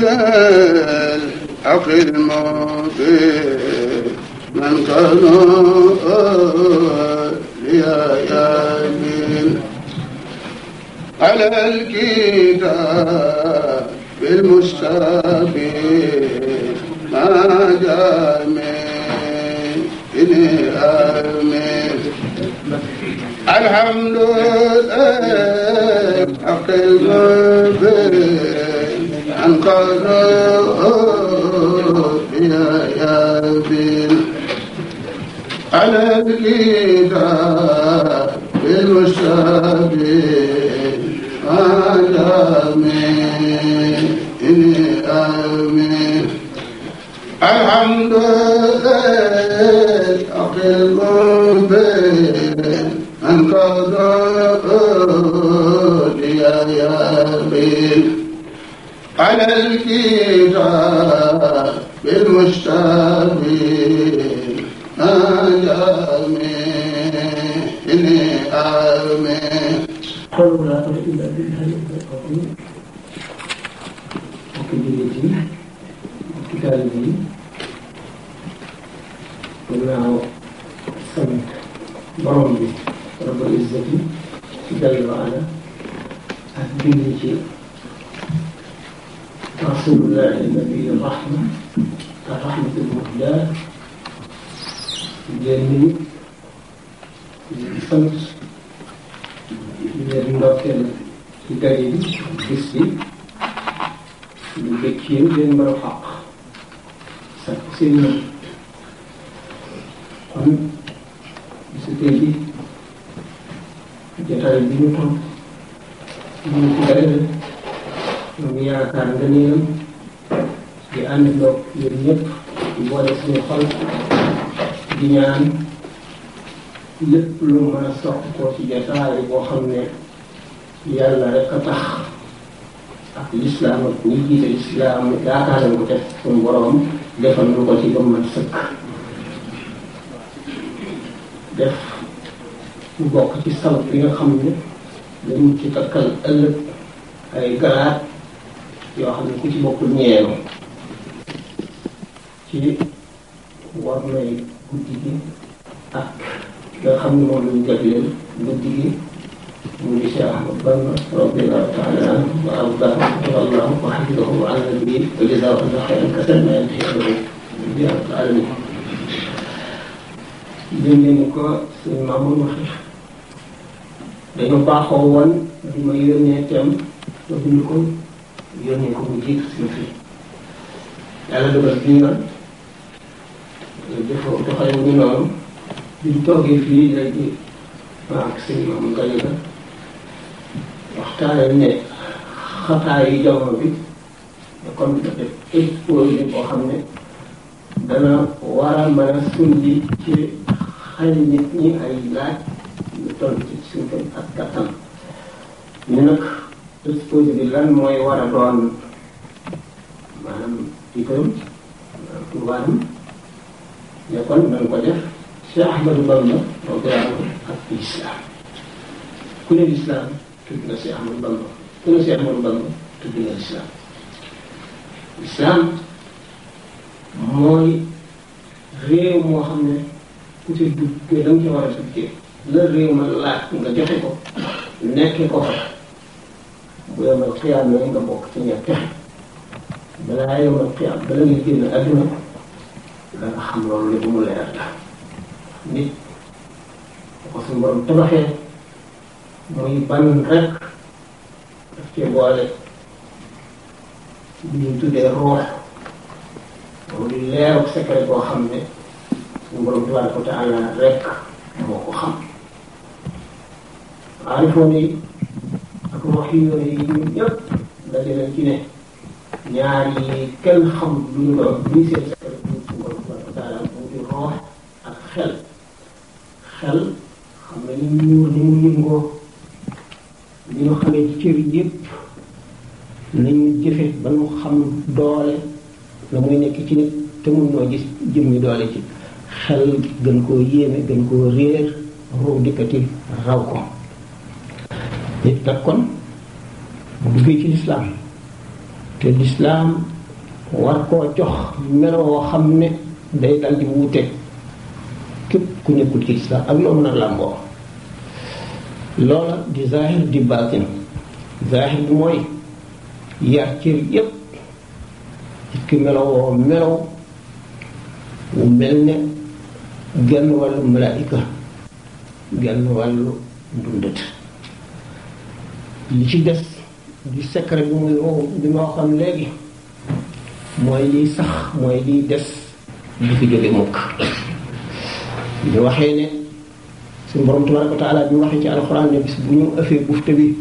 الجلال عقل ما من كان يا يمين على الكتاب بالمستفيد ما جامل إني أمين الحمد لله حق المبين عن قلبي يا بيل على الكتاب بالمشابه آمين آمين الحمد لله أقل بين أن يا بيل على الكتاب بالمشتبه أجمعني آمين قولوا لا إله إلا بالله العظيم وكبيرته وكتابه ومع السمك برمي رب العزة جل وعلا أهديني رسول الله النبي الرحمة الرحمة المهلاة الجميل الشمس للمركب الجليل الجسدي للبكين للمرحق سنين kon bisu tey bi jotaay bi ñu toog ñu yaakaar nga néew di ànd ndoog yéen ñëpp di boole suñu xol di ñaan lépp lu mën a soq koo ci jotaay boo xam ne yàlla rek a tax ak lislaam ak ñi jiite lislaam yaakaar ko def suñu borom defal lu ko ci ba mën sëkk def mu bokk ci saw bi nga xam ne dañ ci takkal ëllëg ay garaat yoo xam ne ku ci bokkul ñeeru ci war may guddi gi ak nga xam ne moom lañu jagleel guddi gi mu ngi Cheikh Ahmad Bamba radiyallahu taala anhu wa ardaahu wallahu wa hafidahu ala nabii wa jazaahu Allah xayran kasiiran ma yantahi bi rabbil alamin yónnee ko suñu maamoon waxee dañu baaxoo woon di ma yónnee tem ma bind ko يعني يكون دي تسمحي يعني أنا لو بدينا أن تقريبا منهم بالتوقي في لدي يعني مع كسيمة من قيدة واختار أن يعني خطأي جوابي يقوم بتقف إيه،, إيه هو اللي بوحمني دانا وارا مانا سندي كي خلنتني أي لا يتون تتسنكم أتكتم منك exposé bi lan mooy war a doon maanaam itam maanaam turbaaram ne kon nañ ko def Cheikh Ahmadou Bamba radiyallahu ak lislaam ku ne lislaam tudd na Cheikh Ahmadou Bamba ku ne Cheikh Ahmadou Bamba tudd na lislaam lislaam mooy réew moo xam ne ku ci dugg da nga ci war a duggee la réew ma laaj nga joxe ko nekk ko fa ويوم القيامة عند وقتين يفتح بلا يوم القيامة بلا يكيد الأجمع بلا أحمر لهم ولا يفتح نيت وقسم برم تبحي موي بان رك تفتي بوالي بيهم تدي الروح ولله الله وكسكرة بوحمد سنبرم تبارك وتعالى رك موكو خمد عارفوني ruux yooyu ñun ñëpp daje nañ ci ne ñaar yi kenn xamul lu ñu doon muy seen secret bu borom subhanahu wa taala mu di ruux ak xel xel xam nga ni ñu ni mu yëngoo ni ñu xamee ci cër yëpp nañu jëfe ba ñu xam doole na muy nekk ci nit te mun noo gis jëmmi doole ci xel gën koo yéeme gën koo réer ruux dikkati raw ko nit kat kon bu duggee ci lislaam te lislaam war koo jox meloo woo xam ne day dal di wuuteeg képp ku nekkul ci lislaam ak loo mën a làmboo loola di zahir di baatin zahir bi mooy yar yépp nit ki melowoo melow wu mel ne genn wàllu malaayika genn wàllu dundat li ci des di secret bi muy bi ma waxoon léegi mooy liy sax mooy liy des li fi jóge mukk ñu waxee ne suñu borom tabaraka wa taalaat bi waxee ci alxuraan ne bis bu ñu ëffee bufte bi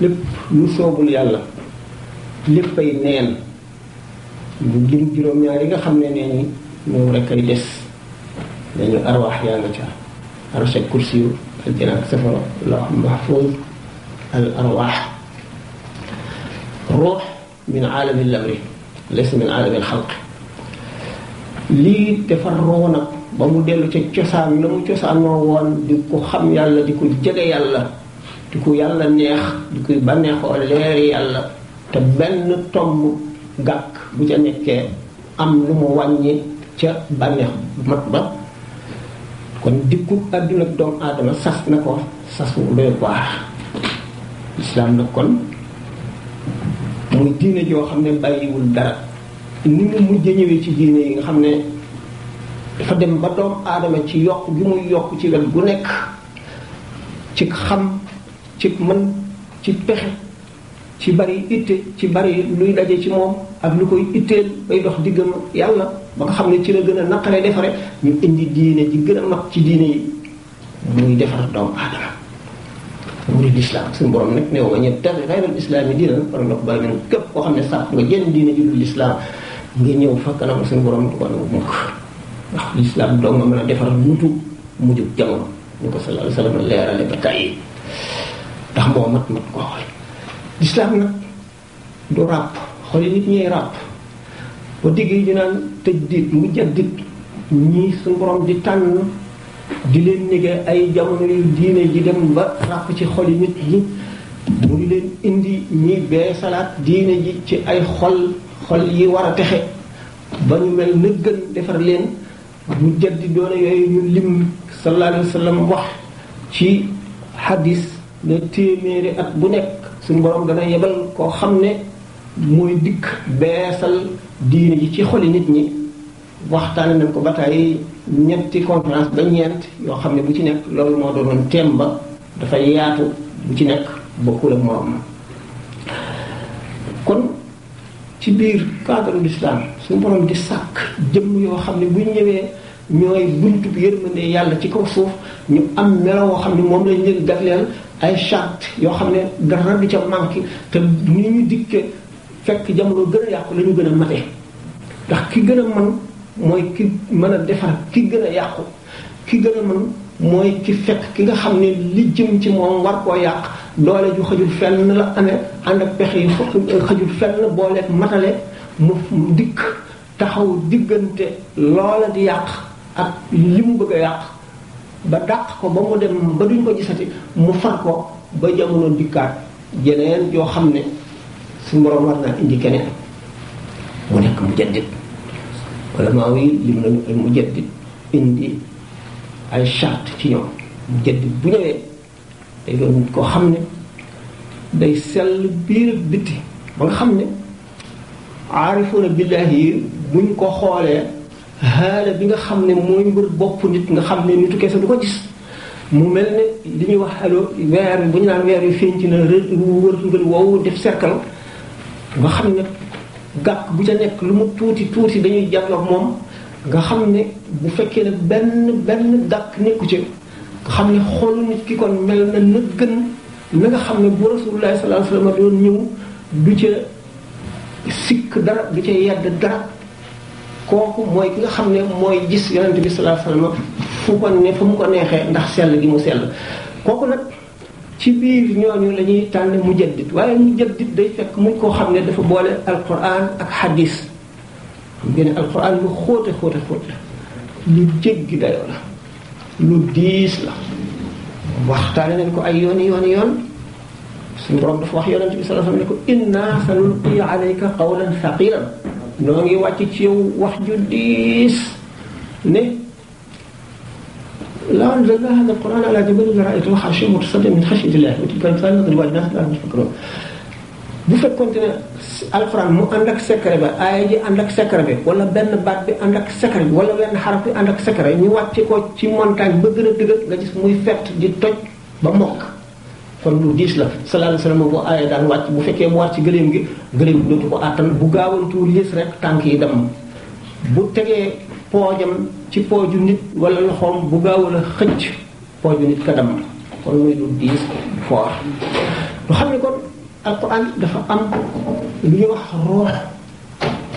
lépp lu soobul yàlla léppay neen ñu lim juróom-ñaar yi nga xam ne nee ni ñoom rek ay des dañu arwaax yaa nga ca arwaax kursi yu aljana safara lawhul mahfuz al arwaax ruux min aalami lamri laysa min aalami alxalq lii defar roo ba mu dellu ca cosaan la mu cosaanoo woon di ko xam yàlla di ko jege yàlla di ko yàlla neex di koy bànneexoo leeri yàlla te benn tomb gàkk bu ca nekkee am lu mu wàññi ca bànneex mat ba kon dikku àdduna doomu aadama sas na ko sas wu baax lislaam na kon muy diine joo xam ne bàyyiwul dara ni mu mujj ñëwee ci diine yi nga xam ne dafa dem ba doom aadama ci yokk gi muy yokk ci wet gu nekk ci xam ci man ci pexe ci bari itte ci bari luy daje ci moom ak lu koy itteel bay dox diggam yàlla ba nga xam ne ci la gën a naqare defare ñu indi diine ji gën a mag ci diine yi muy defar doomu aadama muy l'islam suñu borom nag néew nga islam yi diina faral la ko bal men képp koo xam sax nga jënd diina ju islam nga ñëw fa kanam suñu borom ko nangu mukk ndax l'islam doo nga mën a defar mutu mujub jamono ñu ko sallallahu alayhi wasallam leerale ba mat mat l'islam nit ñu mu jaddit borom di di leen nege ay jamono yu diine ji dem ba ràpp ci xoli nit ñi mu di leen indi ñi bee salaat diine ji ci ay xol xol yi war a texe ba ñu mel na gën defar leen ñu jaddi doone yooyu ñu lim sallallahu alayhi wax ci hadis ne téeméeri at bu nekk suñu borom dana yebal koo xam ne mooy dikk beesal diine ji ci xoli nit ñi waxtaan nañ ko ba tey ñetti conférence ba ñeent yoo xam ne bu ci nekk loolu moo doonoon thème ba dafa yaatu bu ci nekk bokkul ak morom kon ci biir cadre l'islam suñu borom di sàkk jëmm yoo xam ne buñ ñëwee ñooy buntu bi yërmande yàlla ci kaw suuf ñu am melo woo xam ne moom lañ leen defleel ay charte yoo xam ne dara du ca manqué te ni ñu dikke fekk jamono gën a yàqu lañu gën a mate ndax ki gën a mën mooy ki mën a defar ki gën a yàqu ki gën a mën mooy ki fekk ki nga xam ne li jëm ci moom war koo yàq doole ju xajul fenn la amee ànd ak pexe yi xajul fenn booleeg matale mu dikk taxaw diggante loola di yàq ak li mu bëgg a yàq ba dàq ko ba mu dem ba duñ ko gisati mu far ko ba jamono dikkaat jeneen yoo xam ne su moroom war naa indi keneen mu nekk mu jëndit ulamaa yi lim nañu al mujaddid indi ay charte ci ñoom mujaddid bu ñëwee day doon nit koo xam ne day sell biir bitti ba nga xam ne aarifuuna billaahi yi buñ ko xoolee haala bi nga xam ne mooy mbir bopp nit nga xam ne nitu kese du ko gis mu mel ne li ñuy wax allo weer bu ñu naan weer yu feeñ ci na wër wër def cercle nga xam ne gàkk bu ca nekk lu mu tuuti tuuti dañuy jàlloog moom nga xam ne bu fekkee ne benn benn gàkk nekku ci xam ne xoolu nit ki kon mel na na gën na nga xam ne bu rasulullah sallallahu alayhi wasallam doon ñëw du ca sikk dara du ca yedd dara kooku mooy ki nga xam ne mooy gis yonente bi sallallahu alayhi wasallam fu ko fu mu ko neexee ndax sell gi mu sell kooku nag ci biir ñooñu la ñuy tànn mujaddid waaye mujaddid day fekk mu koo xam ne dafa boole alquran ak hadis xam ngeen ne alquran lu xóote lu jéggi dayoo la lu diis la waxtaane nañ ko ay yooni yooni yoon suñu borom dafa wax yonent bi sallallahu alayhi wa sallam ne ko inna sanulqi alayka qawlan thaqilan noo ngi wàcc ci yow wax ju diis ne لو انزلنا هذا القران على جبل لرايته خاشعا متصدعا من خشيه الله وتلك الامثال نضربها للناس لعلهم يفكرون bu fekkonte ne alquran mu ànd ak secret ba aaya ji ànd ak secret bi wala benn baat bi ànd ak secret bi wala benn xaraf bi ànd ak secret ñu wàcce ko ci montagne ba gën a dëgër nga gis muy fett di toj ba mokk kon lu diis la sallallahu alayhi wasallam bu aaya daan wàcc bu fekkee mu wàcc gëléem gi gëléem dootu ko àttan bu gaawantuwul yës rek tànk yi dem bu tegee poojam ci pooju nit wala loxoom bu gaaw a xëcc pooju nit ka damm kon muy lu diis foor lu xam ne kon alquran dafa am lu ñuy wax ruux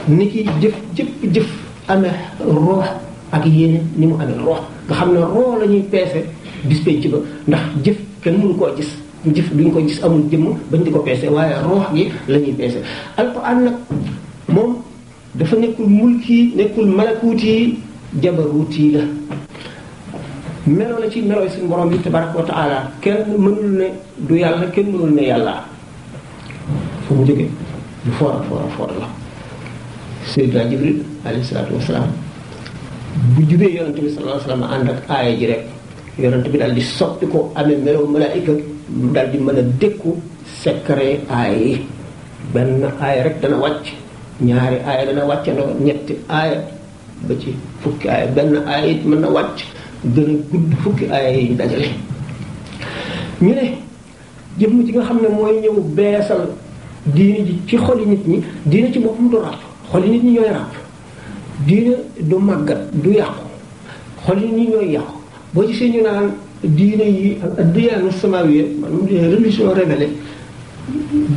ni ki jëf jëpp jëf amee ruux ak yéene ni mu amee ruux nga xam ne ruux la ñuy peese bis ci ba ndax jëf kenn mënu koo gis jëf duñ ko gis amul jëmm bañ di ko peese waaye ruux gi lañuy ñuy peese alquran nag moom dafa nekkul mulki nekkul malakuuti jabaruuti la melo la ci melooy suñu borom bi tabaraka wa kenn mënul ne du yàlla kenn mënul ne yàlla fu mu jógee lu foora foora la Seydina Jibril alayhi salaatu wasalaam bu jubee yonante bi sallallahu alayhi wa ànd ak aaya ji rek yonante bi daal di soppi ko amee melow malaayika lu daal di mën a dékku secret aaya yi benn aaya rek dana wàcc ñaari aaya dana wàccandoo ñett aaya ba ci fukki aaya benn aaya it mën na wàcc gën gudd fukki aaya yi dajale ñu ne jëmm ci nga xam ne mooy ñëw beesal diine ji ci xoli nit ñi diine ci boppam du ràpp xoli nit ñi ñooy ràpp diine du màggat du yàqu xoli nit ñi ñooy yàqu boo gisee ñu naan diine yi ak addiyaanu samawiya maanaam religion révélée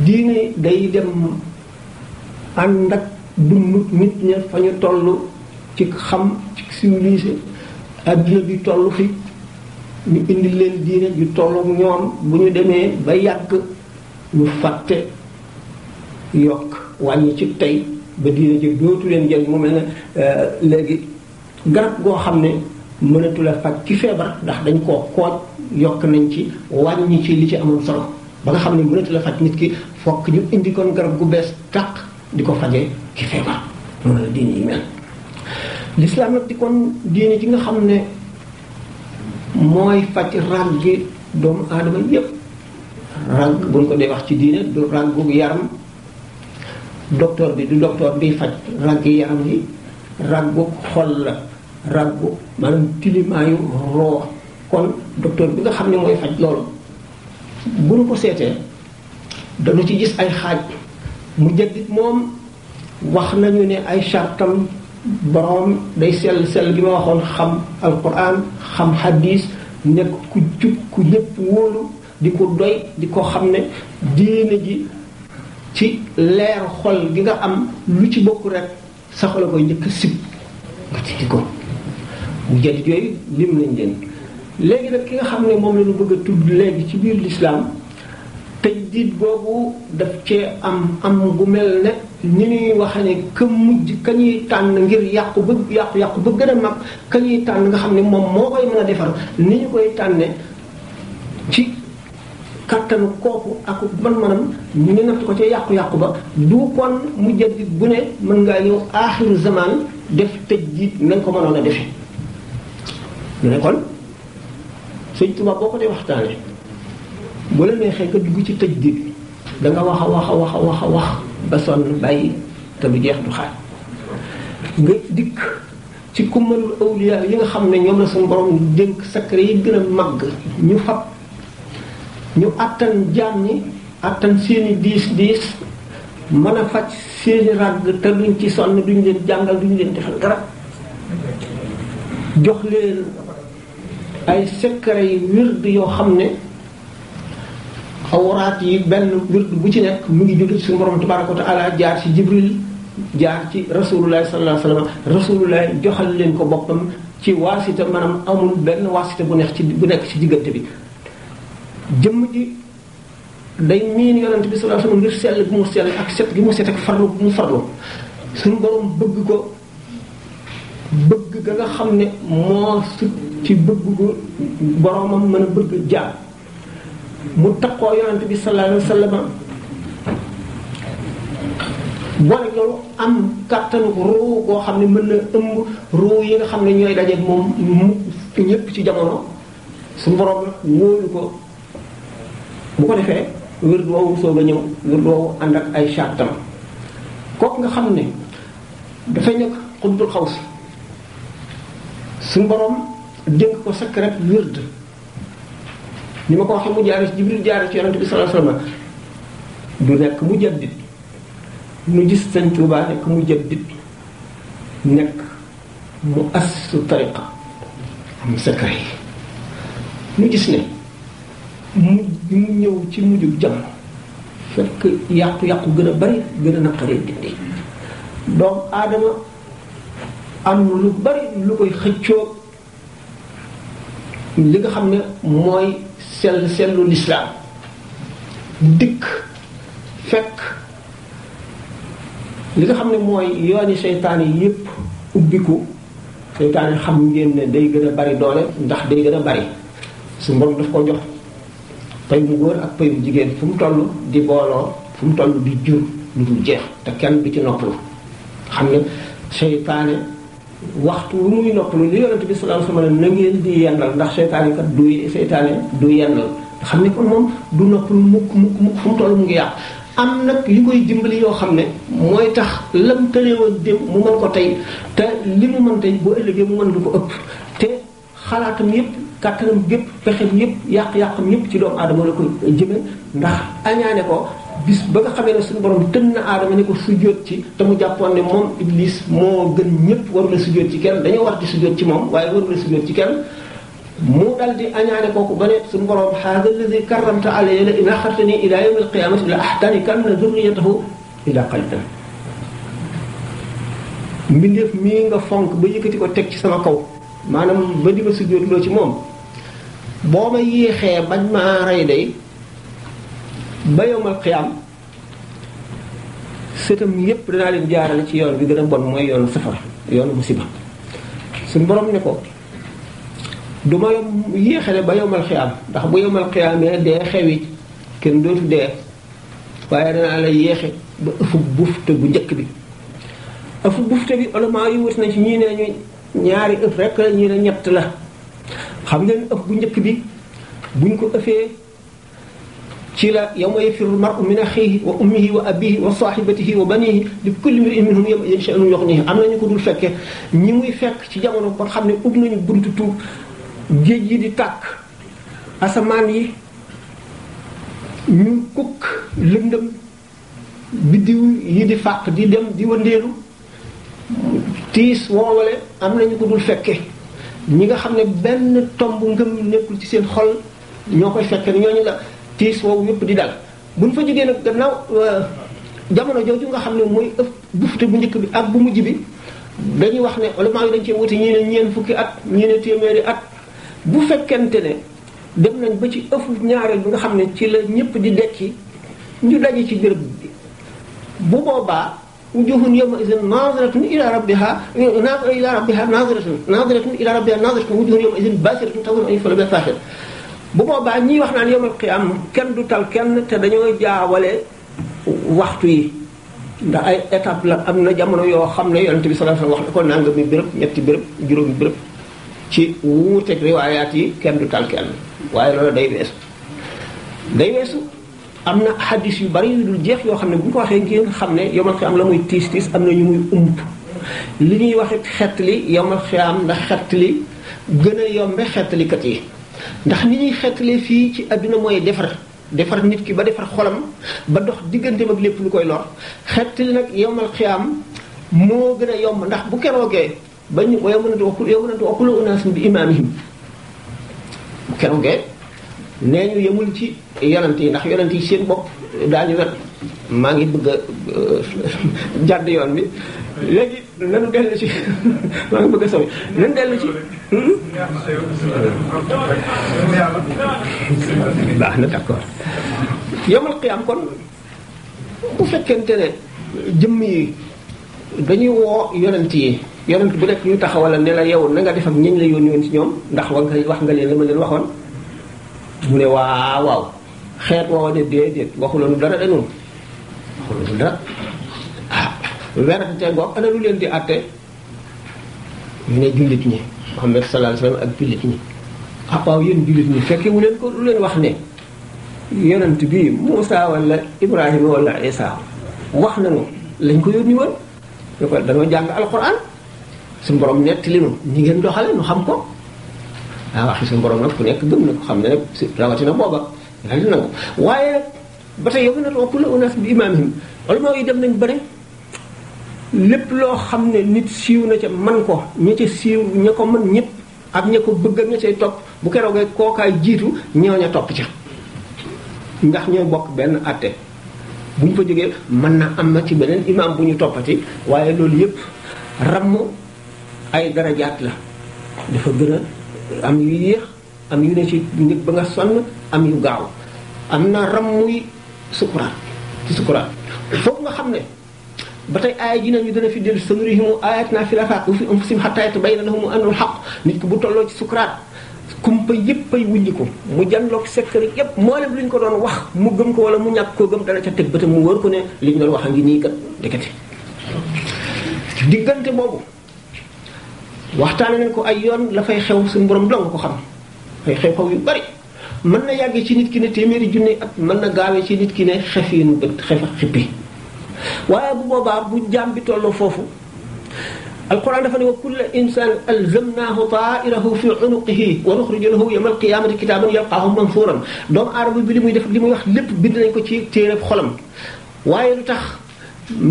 diine day dem ànd nag dund nit ña fa ñu tollu ci xam ci civilisé adduna bi tollu fi ñu indi leen diine ju tollook ñoom bu ñu demee ba yàgg ñu fàtte yokk wàññi ci tey ba diine ji dootu leen jël moom mel ne euh, léegi garab goo xam ne mënatu la faj ci feebar ndax dañ koo kooj yokk nañ ci wàññi ci li ci amul solo ba nga xam ne mënatu la faj nit ki fokk ñu indi kon garab gu bees tàq di ko fajee ci feebar loolu la diine yi mel lislaam di kon diine ji nga xam ne mooy faj ràggi doomu aadama yépp ràgg buñ ko dee wax ci diine du ràggu yaram docteur bi du docteur bi faj ràggi yaram yi ràggu xol la ràggu maanaam tilimaayu roo kon docteur bi nga xam ne mooy faj loolu bu ñu ko seetee dañu ci gis ay xaaj mujaddid moom wax nañu ne ay chartam boroom day sell sell gi ma waxoon xam alquran xam hadis nekk ku jub ku ñëpp wóolu di ko doy di ko xam ne diine ji ci leer xol gi nga am lu ci bokk rekk sa xol koy njëkk sib nga ci ko mujaddid yooyu lim lañ leen léegi nag ki nga xam ne moom la ñu bëgg a tudd léegi ci biir lislaam tey diit boobu daf cee am am gu mel ne ñi ñuy wax ne ka mujj ka ñuy tànn ngir yàqu ba yàqu yàqu ba gën a mag ka ñuy tànn nga xam ne moom moo koy mën a defar ni ñu koy tànne ci kattanu kooku ak man manam ñu natt ko ca yàqu yàqu ba du kon mu jëddi bu ne mën ngaa ñëw zaman def tëj jiit na ko mënoon a defe ñu ne kon sëñ tuba boo ko bu la neexee ka dugg ci tëj dig da nga wax a wax a wax a wax a wax ba sonn bàyyi te lu jeex du xaar nga dikk ci kumalul awliya yi nga xam ne ñoom la sun borom dénk secret yi gën a màgg ñu fab ñu àttan jaam ñi àttan seeni diis diis mën a faj seeni ràgg te luñ ci sonn duñ leen jàngal duñ leen defal dara jox leen ay secret yi wird yoo xam ne awraat yi benn wird bu ci nekk mu ngi jóge ci suñu borom tabaraka wa taala jaar ci jibril jaar ci rasulullahi sallallahu alayhi wa sallam rasulullahi joxal leen ko boppam ci waasita maanaam amul benn waasita bu neex ci bu nekk ci diggante bi jëmm ji day miin yonent bi sallallahu alayhi ngir sell gi mu sell ak set gi mu set ak farlu gi mu farlu suñu borom bëgg ko bëgg ga nga xam ne moo sut ci bëgg ko boromam mën a bëgg jaar mu takkoo yonante bi sallallahu alayhi wa sallam boole loolu am kàttanu ruu goo xam ne mën na ëmb ruu yi nga xam ne ñooy dajeeg moom mu ñëpp ci jamono suñu borom wóolu ko bu defee wér du ak ay chartam kooku nga xam ne dafay nekk xutbul xaw si su borom dénk ko secret wird ni ma ko waxe mu jaar ci jibril jaar ci yaronte bi sallallahu alayhi wasallam du nek mu jaddit nu gis sen touba nek mu jaddit nek mu assu tariqa am sakay nu gis ne mu mu ñew ci mu jub jam fekk yaq yaq gëna bari gëna a naqaree dindi doom am anu lu bari lu koy xëccoo li nga xam ne mooy sell sellu lislaam dikk fekk li nga xam ne mooy yooni seytaane yépp ubbiku seytaane xam ngeen ne day gën a bari doole ndax day gën a bari su mboroom daf ko jox pay mu góor ak pay mu jigéen fu mu toll di booloo fu mu toll di jur lu dul jeex te kenn du ci noppalu xam ne seytaane waxtu lu muy noppalu li yonent bi sallallahu alayhi wa sallam na ngeen di yendal ndax seytaane kat du seytaane du yendal xam ne kon moom du noppalu mukk mukk mukk fu mu toll mu ngi yàqu am nag yu koy dimbali yoo xam ne mooy tax lam tëreewoon démb mu mën ko tey te li mu mën tey bu ëllëgee mu mën du ko ëpp te xalaatam yépp kàttanam yépp pexem yépp yàq-yàqam yépp ci doomu aadama la koy jëme ndax añaane ko bis ba nga xamee ne suñu borom tën na aadama ni ko sujjóot ci te mu jàppoon ne moom iblis moo gën ñëpp warula sujjóot ci kenn dañoo war di sujjóot ci moom waaye warula sujjóot ci kenn mu dal di añaane kooku ba ne suñu borom haaza allazi karramta alayya la in axartani ila yawmi alqiyamati la ahtanikanna zurriyatahu ila qalila mbindeef mii nga fonk ba yëkkati ko teg ci sama kaw maanaam ba di ma loo ci moom boo ma yéexee bañ maa rey ba yowmal xiyaam sëtam yépp danaa leen jaarale ci yoon bi gën a bon mooy yoonu safara yoonu musiba suñ borom ne ko duma ma yéexale ba yowmal xiyaam ndax bu yowmal xiyaamee dee xewi kenn dootu de waaye danaa la yéexe ba ëfu bufte bu njëkk bi ëfu bufte bi ulamaa yi wut na ci ñii ne ñu ñaari ëf rek ñii ne ñett la xam ngeen ëf bu njëkk bi buñ ko ëfee ci la yawma yafirru l-mar'u min axiihi wa ummihi wa abiihi wa saahibatihi wa baniihi li kulli mri'in minhum sha'nun yughniihi am na ñu ko dul fekke ñi muy fekk ci jamono kon xam ne ub nañu buntu tuub géej yi di tàkk asamaan yi ñu kukk lëndëm biddiw yi di fàq di dem di wëndeelu tiis woowale am na ñu ko dul fekke ñi nga xam ne benn tomb ngëm nekkul ci seen xol ñoo koy fekke ñooñu la tiis woowu yëpp di dal buñ fa jógee nag gannaaw jamono jooju nga xam ne mooy ëpp bufte bu njëkk bi ak bu mujj bi dañuy wax ne ulama yi dañ cee wuti ñii ne ñeen fukki at ñii ne téeméeri at bu fekkente ne dem nañ ba ci ëfu ñaare bi nga xam ne ci la ñëpp di dekki ñu daje ci béréb bi bu boobaa wujuhun yawma izin naziratun ila rabbiha ila rabbiha naziratun naziratun ila rabbiha naziratun wujuhun yawma izin basiratun tazunnu an yuf'ala biha fahisha bu boobaa ñi wax naan yawmal qiyaam kenn du tal kenn te dañoo jaawale waxtu yi ndax ay étape la am na jamono yoo xam ne yonent bi sallallahu alayhi wasallam wax na ko nangami bërëb ñetti bërëb juróomi bërëb ci wuuteeg riwaayaat yi kenn du tal kenn waaye loolu day weesu day weesu am na xaddis yu bari yu dul jeex yoo xam ne bu ñu ko waxee ngeen xam ne yawmal qiyaam la muy tiis tiis am na ñu muy ump li ñuy wax it xett li yawmal qiyaam ndax xett li gën a yombe xettalikat yi ndax ni ñuy xettalee fii ci àdduna mooy defar defar nit ki ba defar xolam ba dox diggante ak lépp lu koy lor xettali nag yowmal xiyaam moo gën a yomb ndax bu keroogee ba ñu a yawma taqulu unaasin bi imaamihim bu keroogee nee ñu yemul ci yonent yi ndax yonent yi seen bopp daañu wet maa ngi bëgg a euh, jàdd yoon bi léegi nanu dellu ci maa ngi bëgg a sori nanu dellu ci. Hmm? baax na d'accord yomal xiyaam kon bu fekkente ne jëmm yi dañuy woo yonent yi yonent bu nekk ñu taxawal ne la yow na nga def la yoon woon ci ñoom ndax wax nga wax nga leen li ma leen waxoon mu ne waaw waaw xeet woo de déedéet waxuloonu dara dañu waxuloonu dara. werante ngoog ana lu leen di àtte ñu ne jullit ñi Muhammad sallallahu ak jullit ñi ah, waaw yéen jullit ñi fekke wu leen ko lu leen wax ne yonent bi Moussa wala Ibrahima wala Isa wax nañu lañ ko yónni woon ñu ko dañoo jàng alquran suñu borom nettali nu ñi ngeen doxale xam ko ah waxi nag ku nekk gëm na ko xam ne nag rawatina booba rawatina ko waaye ba tey yow nag wa kullu unaas bi imaamihim ulamaa yi dem nañ bari lepp lo xamne nit siiw na ca man ko ña ca siiw ña ko man ñep ak ña ko bëgg ña cey top bu keroogee kookaay jiitu ñooña top ca ndax ñoo bok ben atte buñ fa jógee man na am na ci benen imam bu topati toppati lool yépp ram ay darajaat la dafa gëna am yu yéex am yu ne ci nit ba nga sonn am yu gaaw am na muy sukura ci sukura fokk nga xamne ba tey aaya ji nañu dana fi dellu sanurihim ayatina fil afaaq wa fi anfusihim hattaa yatabayyana lahum annahu al-haqq nit ki bu tolloo ci sukuraat kumpa yépp ay wuññi ko mu look sekkari yépp mboolem lu ñu ko doon wax mu gëm ko wala mu ñàkk koo gëm dana ca teg bëtam mu wër ko ne li ñu doon wax a ngi nii kat dekete diggante boobu waxtaane nañ ko ay yoon la fay xew suñu borom dong ko xam ay xew-xew yu bari mën na yàggee ci nit ki ne téeméeri junne at mën na gaawee ci nit ki ne xef yi nu bët xef xippi waaye bu boobaa bu jaam bi tolloo foofu alquran dafa ne wa kulla insaan alzamnaahu taairahu fi unuqihi wa nuxriju lahu yawma alqiyamati kitaaban yalqaahu mansuuran doomu aadama bi li muy def li muy wax lépp bind nañ ko ci téereb xolam waaye lu tax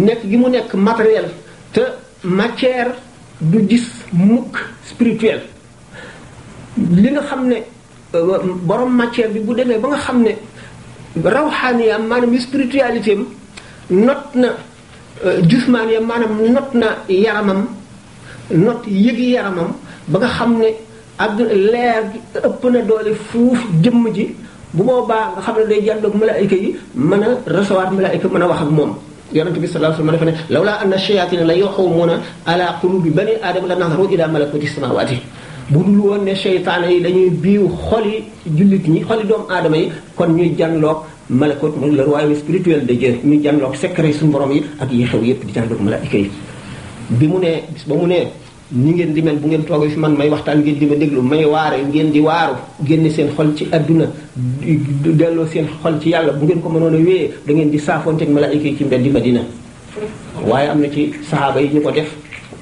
nekk gi mu nekk matériel te matière du gis mukk spirituel li nga xam ne euh, borom matière bi bu demee ba nga xam ne rawxaaniyaam maanaam spiritualité am not na euh, jusmaan ya maanaam not na yaramam not yëgi yaramam ba nga xam ne ak leer gi ëpp na doole fuuf jëmm ji bu boobaa nga xam ne day jàndoog malaayika yi mën a recevoir malaayika mën a wax ak moom yonent bi sallallahu alayhi wa sallam ne lawlaa anna shayatina la yaxumuuna ala qulubi bani aadama la nazaru ila malakuti samawaati bu dul woon ne seytaane yi dañuy biiw xoli jullit ñi xoli doomu aadama yi kon ñuy jànloog malakut mu le royaume spirituel de Dieu ñu jànloo ko secret suñu borom yi ak yi xew yépp di jànloo ko malaayika yi bi mu nee bis ba mu nee ni ngeen di mel bu ngeen toogee fi man may waxtaan ngeen di ma déglu may waare ngeen di waaru génne seen xol ci adduna delloo seen xol ci yàlla bu ngeen ko mënoon a wéyee da ngeen di saafoonteeg malaayika yi ci mbedd di Madina waaye am na ci saxaaba yi ñu ko def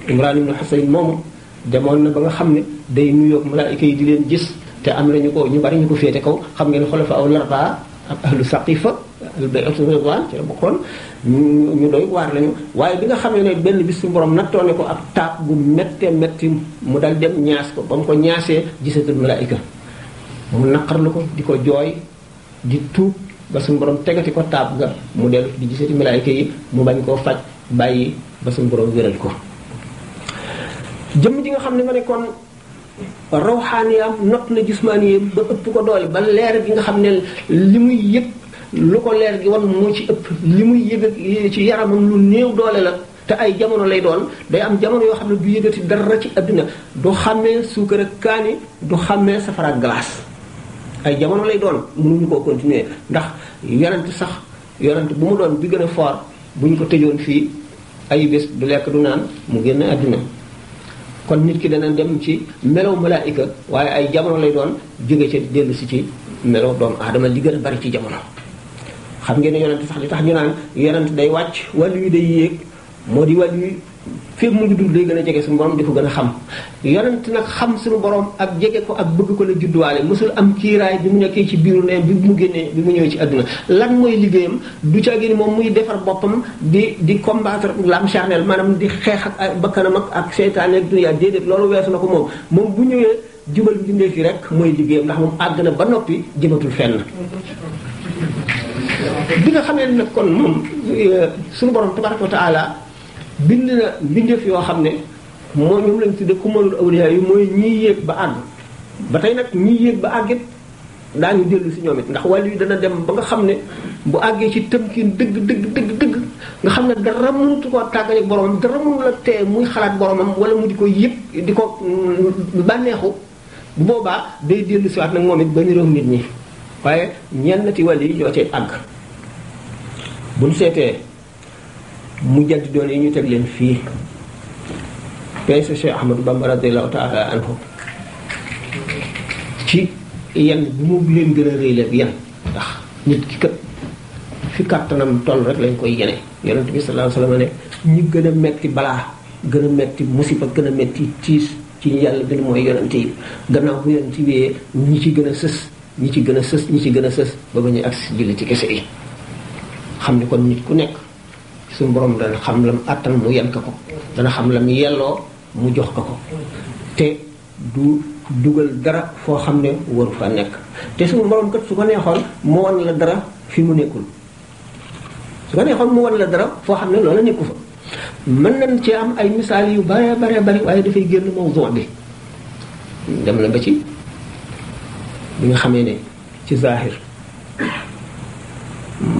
Imran ibn Husayn moom demoon na ba nga xam ne day nuyoog malaayika yi di leen gis te am na ko ñu bari ñu ko féete kaw xam ngeen xolofa aw larbaa ak ahlu saqifa al bayatu ridwan ci la bokkoon ñu doy waar lañu waaye bi nga xamee ne benn bi su suñu borom nattoone ko ab taab bu méttee métti mu dal dem ñaas ko ba mu ko ñaasee gisatul malaayika mu naqar naqarlu ko di ko jooy di tuub ba suñu borom tegati ko taab ga mu del di gisati malaayika yi mu bañ koo faj bàyyi ba suñu borom wéral ko jëmm ji nga xam ne ma ne kon ba rawxaaniyaam not na jismaaniyaam ba ëpp ko doole ba leer gi nga xam ne li muy yëg lu ko leer gi wan moo ci ëpp li muy yëg ci yaramam lu néew doole la te ay jamono lay doon day am jamono yoo xam ne du yëgati dara ci àddina du xàmmee suukar ak kaani du xàmmee safara ak ay jamono lay doon mënuñu ko continuer ndax yonent sax yonent bu mu doon bi gën a fort bu ñu ko tëjoon fii ay bés du lekk du naan mu génn àddina kon nit ki dana dem ci melaw malaayika waaye ay jamono lay doon jóge ca dellu si ci melaw doomu aadama li gën a bari ci jamono xam ngeen ne sax li tax ñu naan yonent day wàcc wàll yu day yéeg moo di wàllu fii mu ngi dund day gën a jege suñu borom di ko gën a xam yonent nag xam suñu borom ak jege ko ak bëgg ko la judduwaale mosul am kiiraay bi mu nekkee ci biiru neen bi mu génnee bi mu ñëwee ci àdduna lan mooy liggéeyam du ca génn moom muy defar boppam di di combattre l'âme charnelle maanaam di xeex ak bakkanam ak ak seytaane ak duniyaa déedéet loolu weesu na ko moom moom bu ñëwee jubal mbindéef yi rek mooy liggéeyam ndax moom àgg na ba noppi jëmatul fenn bi nga xamee nag kon moom euh, suñu bind na mbindeef yoo xam ne moo ñoom lañ tudde ku mënul awliya yi mooy ñii yéeg ba àgg ba tey nag ñii yéeg ba àggit daañu dellu si ñoom it ndax wàll yi dana dem ba nga xam ne bu àggee ci tëmkin dëgg dëgg dëgg dëgg nga xam ne dara mënut koo tàggale boromam dara mënul la tee muy xalaat boromam wala mu di ko yëpp di ko mm, bànneexu bu boobaa day dellu siwaat nag moom it ba niroog nit ñi waaye ñennati wàll yi ñoo ci àgg buñ seetee mu jant doon yi ñu teg leen fii peese cheikh ahmadou bamba radiallahu taala anhu ci yan bu mu leen gën a rëy la yan ndax nit ki kat fi kàttanam toll rek lañ koy yene yonente bi salaa sallam ne ñi gën a metti balaa gën a metti musiba gën a metti tiis ci yàlla bi mooy yonente yi gannaaw bu yonente bi ñi ci gën a sës ñi ci gën a sës ñi ci gën a sës ba ba ak agsi julli ci kese yi xam ne kon nit ku nekk suñu borom dana xam lam atal mu yel ko dana xam lam yello mu jox ko te du dugal dara fo xamne waru fa nek te suñu borom kat su ko neexoon mu wan la dara fi mu nekul su ko neexoon mu wan la dara fo xamne ne neeku fa man nañ ci am ay misal yu bare bare bari waaye dafay génn mawdu bi dem na ba ci bi nga xamé né ci zahir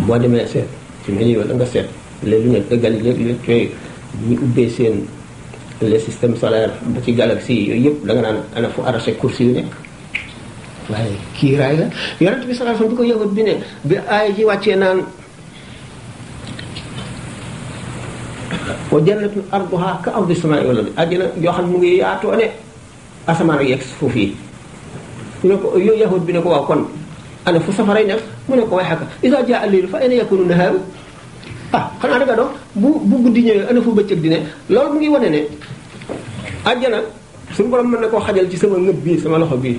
bo démé sét ci ñi wala nga sét les lunettes de Galilée léeg-léeg bu ci galaxie yooyu yëpp da nga naan ana fu course yu nekk waaye kiiraay la yonent bi sallallahu alayhi wasallam bi ko yëwat bi ne bi aay ji wàccee naan wa jannatu arduha ka ardi samaa'i wal ardi àjjana yoo xam mu ngi yaatoo asamaan ak yegg suuf yi ñu yahut bi ne ko waaw kon ana fu safaray nekk mu ne ko way xaka iza jaa fa ayna yakunu an-nahaar ah xanaa danga dox bu bu guddi ñëwee ana fu bëccëg di ne loolu mu ngi wane ne àjjana suñu borom mën na koo xajal ci sama ngëb bii sama loxo bii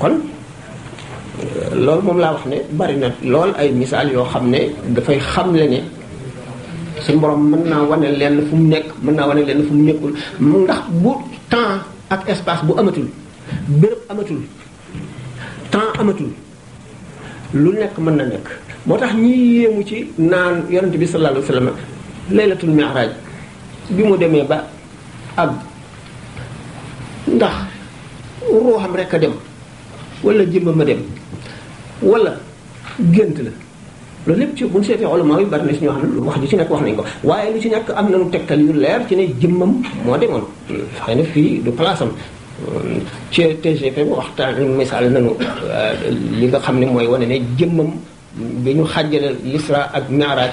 kon euh, loolu moom laa wax ne bari na lool ay misaal yoo xam ne dafay xamle ne suñu borom mën naa wane lenn fu mu nekk mën naa wane lenn fu mu nekkul ndax bu temps ak espace bu amatul béréb amatul temps amatul lu nekk mën na nekk moo tax ñi yéemu ci naan yonente bi sallallahu alayhi wa sallam laylatul mi'raj bi mu demee ba ak ndax ruuxam rek a dem wala jëmmam a dem wala gént la loolu lépp ci bu ñu seetee ulama yi bari na si ñoo xam wax ju ci nekk wax nañ ko waaye lu ci nekk am nañu tegtal yu leer ci ne jëmmam moo demoon xëy na fii du place am ci TGP waxtaan misaal nañu euh, li nga xam ne mooy wane ne jëmmam bi ñu xàjjale l'isra ak mi'raj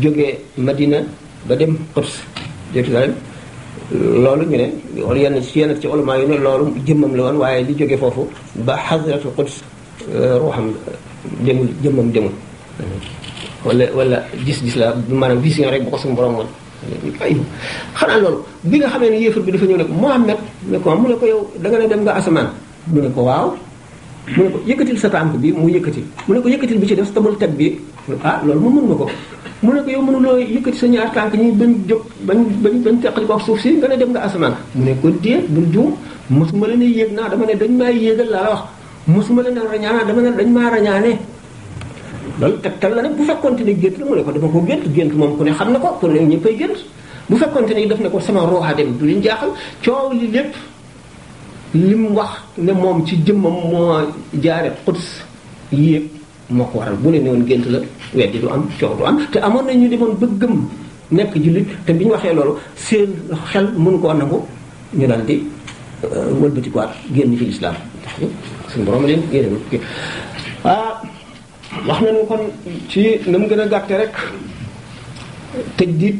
jógee madina ba dem Quds Jérusalem loolu ñu ne wala yenn si yenn ci ulamaa yu ne loolu jëmmam la woon waaye li jóge foofu ba xasratu Quds euh, ruuxam demul jëmmam demul wala wala gis-gis la maanaam vision rek bu ko suñu borom woon ay xanaa loolu bi nga xamee ne yéefar bi dafa ñëw ne ko Muhammad ne ko mu ne ko yow da ne dem nga asamaan mu ne ko waaw mu ne ko yëkkatil sa tànk bi mu yëkkati mu ne ko yëkkatil bi ci def sa tabal teg bi ah loolu mu mën ma ko mu ne ko yow mënuloo yëkkati sa ñaar tànk ñi bañ jóg bañ bañ bañ teqali ko ak suuf si nga ne dem nga asamaan mu ne ko déet bul juum mosuma la ne yéeg naa dama ne dañ maa yéegal laa wax mosuma la ne rañaana dama ne dañ maa rañaane loolu tegtal la nag bu fekkonte ne gént la ko dama ko gént gént moom ku ne xam na ko ku ne ñëppay gént bu fekkonte ne daf ne ko sama rooxa dem du leen jaaxal coow lii lépp lim wax ne moom ci jëmmam moo jaare Quds yéeg moo ko waral bu ne woon gént la weddi du am coow du am te amoon na ñu demoon bëggam nekk jullit te bi ñu waxee loolu seen xel mënu koo nangu ñu dal di euh, wëlbatikuwaat génn ci lislaam ndax suñu borom leen ah, kon ci na mu gën a gàtte rek tëj diit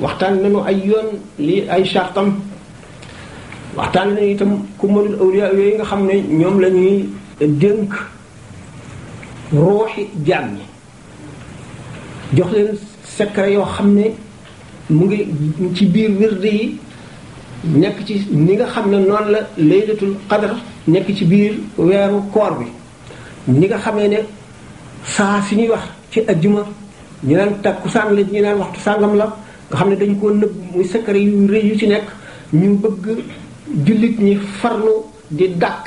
waxtaan nañu ay yoon li ay chartam waxtaan na itam ku mënul awliya yooyu nga xam ne ñoom la ñuy dénk ruuxi jaam yi jox leen secret yoo xam ne mu ngi ci biir wirde yi nekk ci ni nga xam ne noonu la laylatul qadr nekk ci biir weeru koor bi ni nga xamee ne saa si ñuy wax ci ajjuma ñu naan takkusaan la ñu naan waxtu sàngam la nga xam ne dañ ko nëbb muy secret yu rëy yu ci nekk ñu bëgg jullit ñi farlu di dàq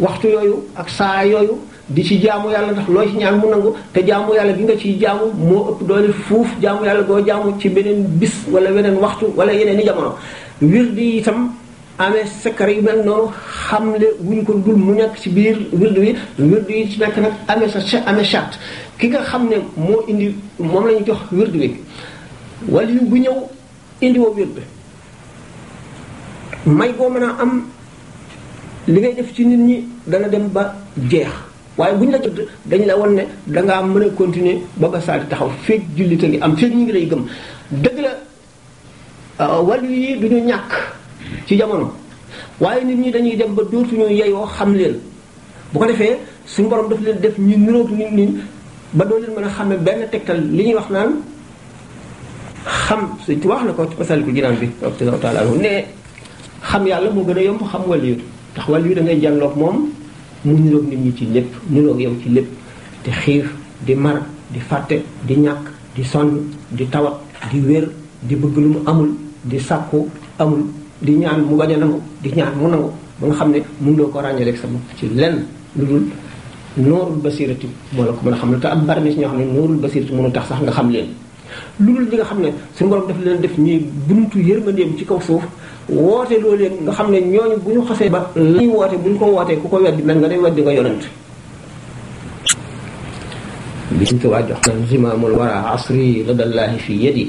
waxtu yooyu ak saa yooyu di ci jaamu yàlla ndax loo ci ñaan mu nangu te jaamu yàlla gi nga ciy jaamu moo ëpp doole fuuf jaamu yàlla goo jaamu ci beneen bis wala weneen waxtu wala yeneen i jamono wirdi itam amee secret yu mel noonu xamle wuñ ko dul mu nekk ci biir wirdu yi wirdu yi ci nekk nag amee sa amee charte ki nga xam ne moo indi moom la jox wirdu bi wala yu bu ñëw indi woo may boo mën a am li ngay def ci nit ñi dana dem ba jeex waaye bu ñu la jot dañ la won ne dangaa mën a continuer ba ba saati taxaw feeg jullit a ngi am feeg ñu ngi lay gëm dëgg la euh, wàllu yi du ñu ñàkk ci jamono waaye nit ñi dañuy dem ba dootuñu yeyoo xam leen bu ko defee suñu borom daf leen def ñu nirootu nit ñi ba doo leen mën a xam ne benn tegtal li ñuy wax naan xam suñ wax na ko ci masaliku jinaan bi radiyallahu taala anhu ne xam yàlla mu gën a yomb xam wàll yu ndax wàll da ngay jànloog moom mu niroog nit ñi ci lépp niroog yow ci lépp di xiif di mar di fàtte di ñàkk di sonn di tawat di wér di bëgg lu mu amul di sàkku amul di ñaan mu bañ a nangu di ñaan mu nangu ba nga xam ne mënuloo ko ràññaleeg sa bopp ci lenn lu dul noorul basirati moo la ko mën a xam ne te am bari na ci ñoo xam ne noorul basirati mënu tax sax nga xam leen lu dul li nga xam ne suñu borom daf leen def ñuy buntu yërmandeem ci kaw suuf woote loolee nga xam ne ñooñu bu ñu xasee ba lañuy woote bu ñu ko wootee ku ko weddi mel nga day weddi nga yonent bi ko tubaa jox naan zimaamul wara asri ladallaahi fi yadi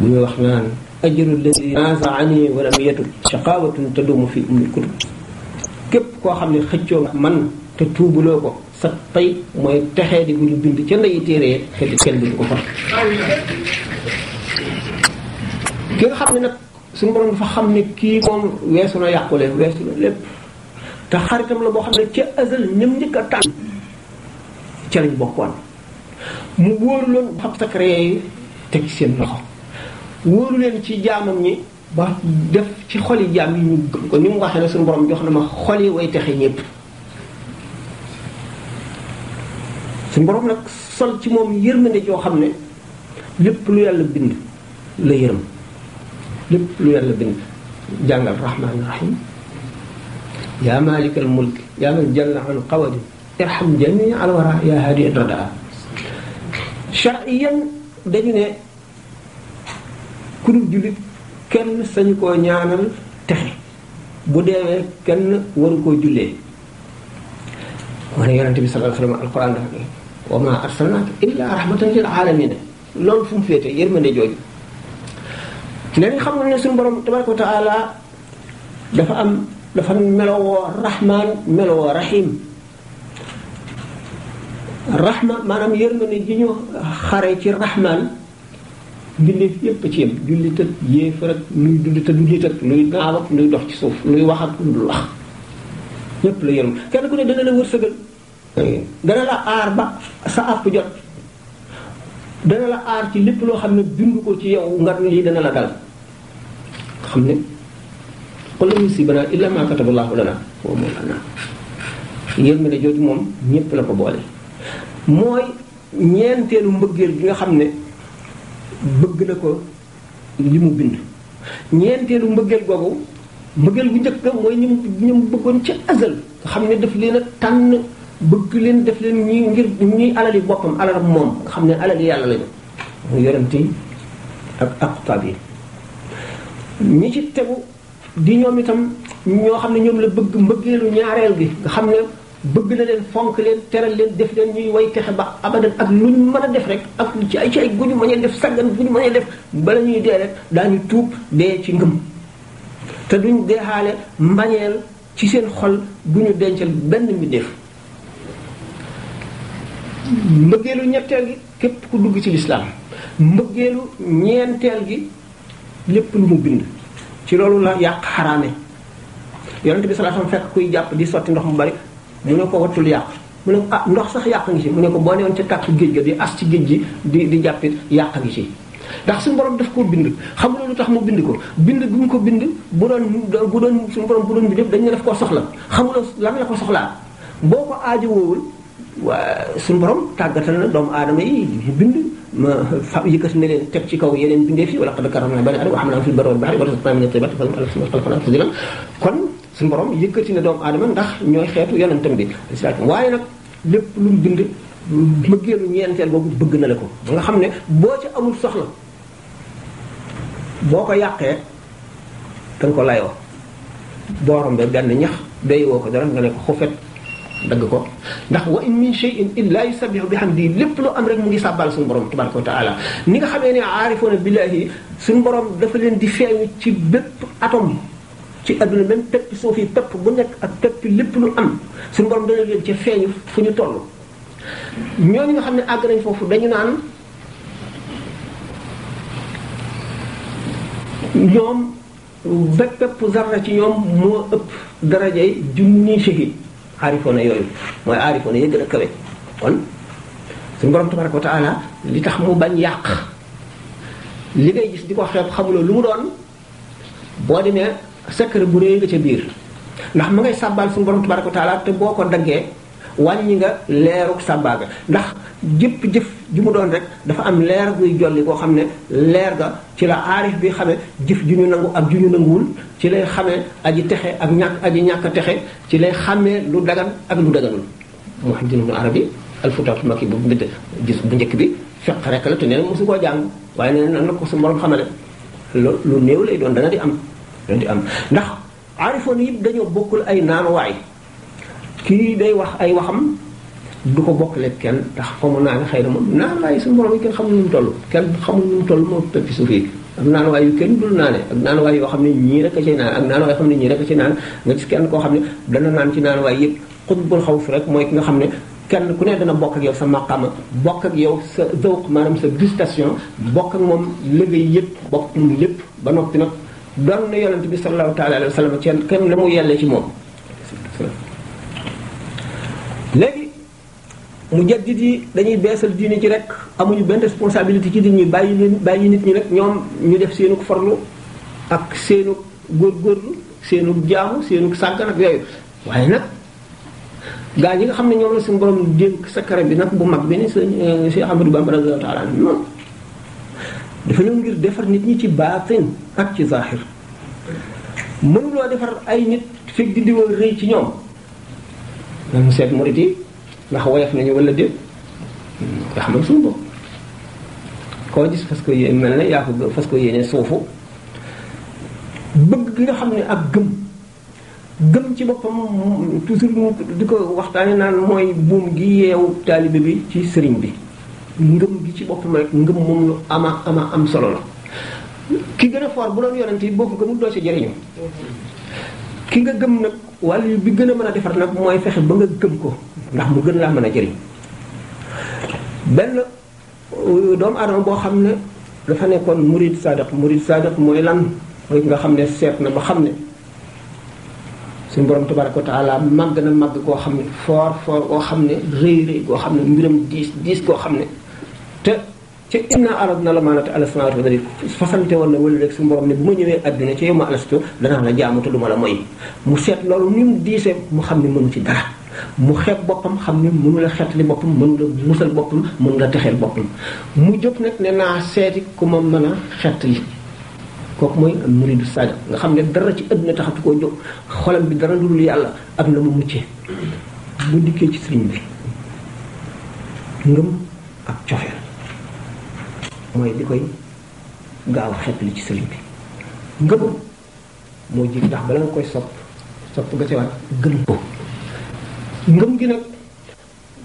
bu ñu wax naan ajru ladi nazaani walam yatul shaqawatun tadumu fi ummi kutub képp koo xam ne xëccoo man te tuubuloo ko sa pay mooy texee di bu ñu bind ca ndeyi téeree te di kenn ko fa ki nga xam ne nag suñu borom dafa xam ne kii moom weesu na yàqule weesu na lépp te xaritam la boo xam ne ca azal ñëm njëkk a tànn ca lañ bokkoon mu wóoru loon xam secret yi teg seen loxo wóoru leen ci jaamam ñi ba def ci xoli jaam yi ñu gëm ko ni mu waxe ne suñu borom jox na ma xoli way texe ñépp suñu borom nag sol ci moom yërmande joo xam ne lépp lu yàlla bind la yërëm lépp lu yàlla bind jàngal rahmaan rahim yaa malikal mulk yaa man jalla an qawadi irham jami al wara yaa haadi rada chariyan dañu ne ku jullit kenn sañu koo ñaanal texe bu deewee kenn waru koo jullee moo ne yonente bi sallallahu alayhi wa sallam alquran dafa ne wa ma arsalnaaka illa rahmatan lil alamina loolu fu mu féete yërmande jooju xam xamul ne suñu borom tabaraka wa taala dafa am dafa melowoo rahman melowoo rahim rahma maanaam yërmande ji ñu xare ci rahman mbindeef yépp ci yëpp jullit ak yéefar ak luy dund te dundit ak luy naaw luy dox ci suuf luy wax ak lu dul wax ñépp la yërëm kenn ku ne dana la wërsëgal dana la aar ba sa àpp jot dana la aar ci lépp loo xam ne bind ko ci yow nga lii dana la dal xam ne qul lan yusiibanaa illaa maa kataba Allaahu lanaa wa huwa mawlaanaa yërmande jooju moom ñépp la ko boole mooy ñeenteelu mbëggeel bi nga xam ne bëgg na ko li mu bind ñeenteelu mbëggeel googu mbëggeel bu njëkk mooy ñi mu ñi bëggoon ca azal nga xam ne daf leen a tànn bëgg leen def leen ñuy ngir ñuy alali boppam alal moom nga xam ne alali yàlla lañu mu yonent yi ak aqtaab yi ñi ci tegu di ñoom itam ñoo xam ne ñoom la bëgg mbëggeelu ñaareel gi nga xam ne bëgg na leen fonk leen teral leen def leen ñuy way texe ba abadan ak luñ mën a def rek ak ci ay ci ay guñu mënee def saggan guñu mënee def bala ñuy dee rek daañu tuub dee ci ngëm te duñ deexaale mbañeel ci seen xol bu ñu dencal benn mi def mbëggeelu ñetteel gi képp ku dugg ci lislaam mbëggeelu ñeenteel gi lépp lu mu bind ci loolu la yàq xaraame yonent bi sallallahu alayhi wasallam fekk kuy jàpp di sotti ndox mu bari mu ne ko wattul yàq mu ne ko ah, ndox sax yàq ngi ci mu ne ko boo newoon ci tàkk géej ga di as ci géej gi di di jàppit yàq ngi ci ndax su borom daf koo bind xamuloo lu tax mu bind ko bind bi ko bind bu doon bu doon suñu borom bu doon bi def dañ ne daf koo soxla xamuloo lan la ko soxlaa boo ko aajowoowul waa su borom tàggatal na doomu aadama yi bind ma fa yëkkati na leen teg ci kaw yeneen bindee fi wala qad karamna na aadama wa hamalnahum fil barri wal bahri wa razaqnahum min at kon suñu borom yëkkati na doomu aadama ndax ñooy xeetu yonentam bi waaye nag lépp lu mu bind mbëggeelu ñeenteel boobu bëgg na la ko ba nga xam ne boo ci amul soxla boo ko yàqee danga ko layoo boo rombee benn ñax béy woo ko dara nga ne ko xufet dagg ko ndax wa in min shay'in illa yusabbihu bihamdi lépp lu am rek mu ngi sàbbal suñu borom tabaraka wa taala ni nga xamee ne aarifoona billahi suñu borom dafa leen di feeñu ci bépp atome ci adduna même pepp suuf yi nekk ak pepp lépp lu am suñu borom dana leen ci feeñu fu ñu ñoo ñooñu nga xam ne àgg nañ foofu dañu naan ñoom ba pepp zarra ci ñoom moo ëpp darajey junni shahid aarifoona yooyu mooy aarifoona yee gën a kawe kon suñu borom tabaraka wa taala li tax mu bañ yàq li ngay gis di ko xeeb xamuloo lu mu doon boo demee secret bu réy nga ca biir ndax mu ngay sàbbaal su borom tabaraka wa taala te boo ko daggee wàññi nga leeru sàbbaa ga ndax jëpp jëf ju mu doon rek dafa am leer guy jolli koo xam ne leer ga ci la aarif bi xamee jëf ju ñu nangu ak ju ñu nanguwul ci lay xame aji texe ak ñàkk aji ñàkk texe ci lay xamee lu dagan ak lu daganul Muhammad ibn Arabi alfutaatul makki bu mbind gis njëkk bi fekk rek la mosu koo jàng waaye nee ko su borom lo lu néew lay doon dana di am dana di am ndax aarifoon yi dañoo bokkul ay naanuwaay kii day wax ay waxam du ko bokkaleeg kenn ndax xamu naa ne xëy na moom naan waaye su borom yi kenn xamul nu mu toll kenn xamul nu mu toll moo tëpp suuf yi ak naan waay yu kenn dul naane ak naan waay yoo xam ne ñii rek a ci naan ak naan waay yoo xam ne ñii rek a ci naan nga gis kenn koo xam ne dana naan ci naan waay yëpp xutbul xaw fi rek mooy ki nga xam ne kenn ku ne dana bokk ak yow sa maqama bokk ak yow sa zawq maanaam sa gustation bokk ak moom liggéey yëpp bokk moom ba noppi nag doon na yonent bi sallallahu taala alayhi wa sallam kenn la mu yelle ci moom mu mujaddid yi dañuy beesal diine ci rek amuñu benn responsabilité ci nit ñi bàyyi bàyyi nit ñi rek ñoom ñu def seenu farlu ak seenu góor góorlu seenu jaamu seenu sàggan ak yooyu waaye nag gaa ñi nga xam ne ñoom la sa karam bi nag bu mag bi ni sëñ euh, Cheikh Ahmadou Bamba radiyallahu taala anhu noonu defar nit ñi ci baatin ak ci mënuloo defar ay nit fekk di rëy ci ñoom. mu seet murit ndax woyof nañu wala déet nga xamal gis fas ko yéene mel ne yaa ko fas ko yéene suufu bëgg gi nga xam ne ak gëm gëm ci boppam toujours di ko waxtaane naan mooy buum gi yeewu taalibe bi ci sëriñ bi ngëm gi ci boppam rek ngëm moom lu ama ama am solo la ki gën a foor bu doon yonente boo ko gëmul doo si jëriñu ki nga gëm nag wàllu bi gën a mën a defar nag mooy fexe ba nga gëm ko ndax mu gën laa mën a jëriñ benn euh, doomu aadama boo xam ne dafa nekkoon murid sadiq murid sadiq mooy lan mooy nga xam ne seet na ba xam ne suñu borom tabaraka wa taala màgg na màgg koo xam ne foor foor koo xam ne rëy rëy koo xam ne mbiram diis diis koo xam ne te ca inna aradna la maanata ala woon na wala rek suñu borom ne bu ma ñëwee àdduna ca yow ma alastu danaa la jaamu te duma la moy mu seet loolu ni mu diisee mu xam ne mënu ci dara mu xeeb boppam xam ne mënu la xettali boppam mënu la musal boppam mënu la texeel boppam mu jóg nag ne naa seeti ku ma mën a xettali kooku mooy muridu sadiq nga xam ne dara ci àdduna taxatu koo jóg xolam bi dara dul yàlla ak na mu muccee bu dikkee ci sëriñ bi ngëm ak cofeel mooy li koy gaaw xettali ci sëriñ bi ngëm moo jiit ndax bala nga koy sopp sopp ga teewaat gëm ko ngëm gi nag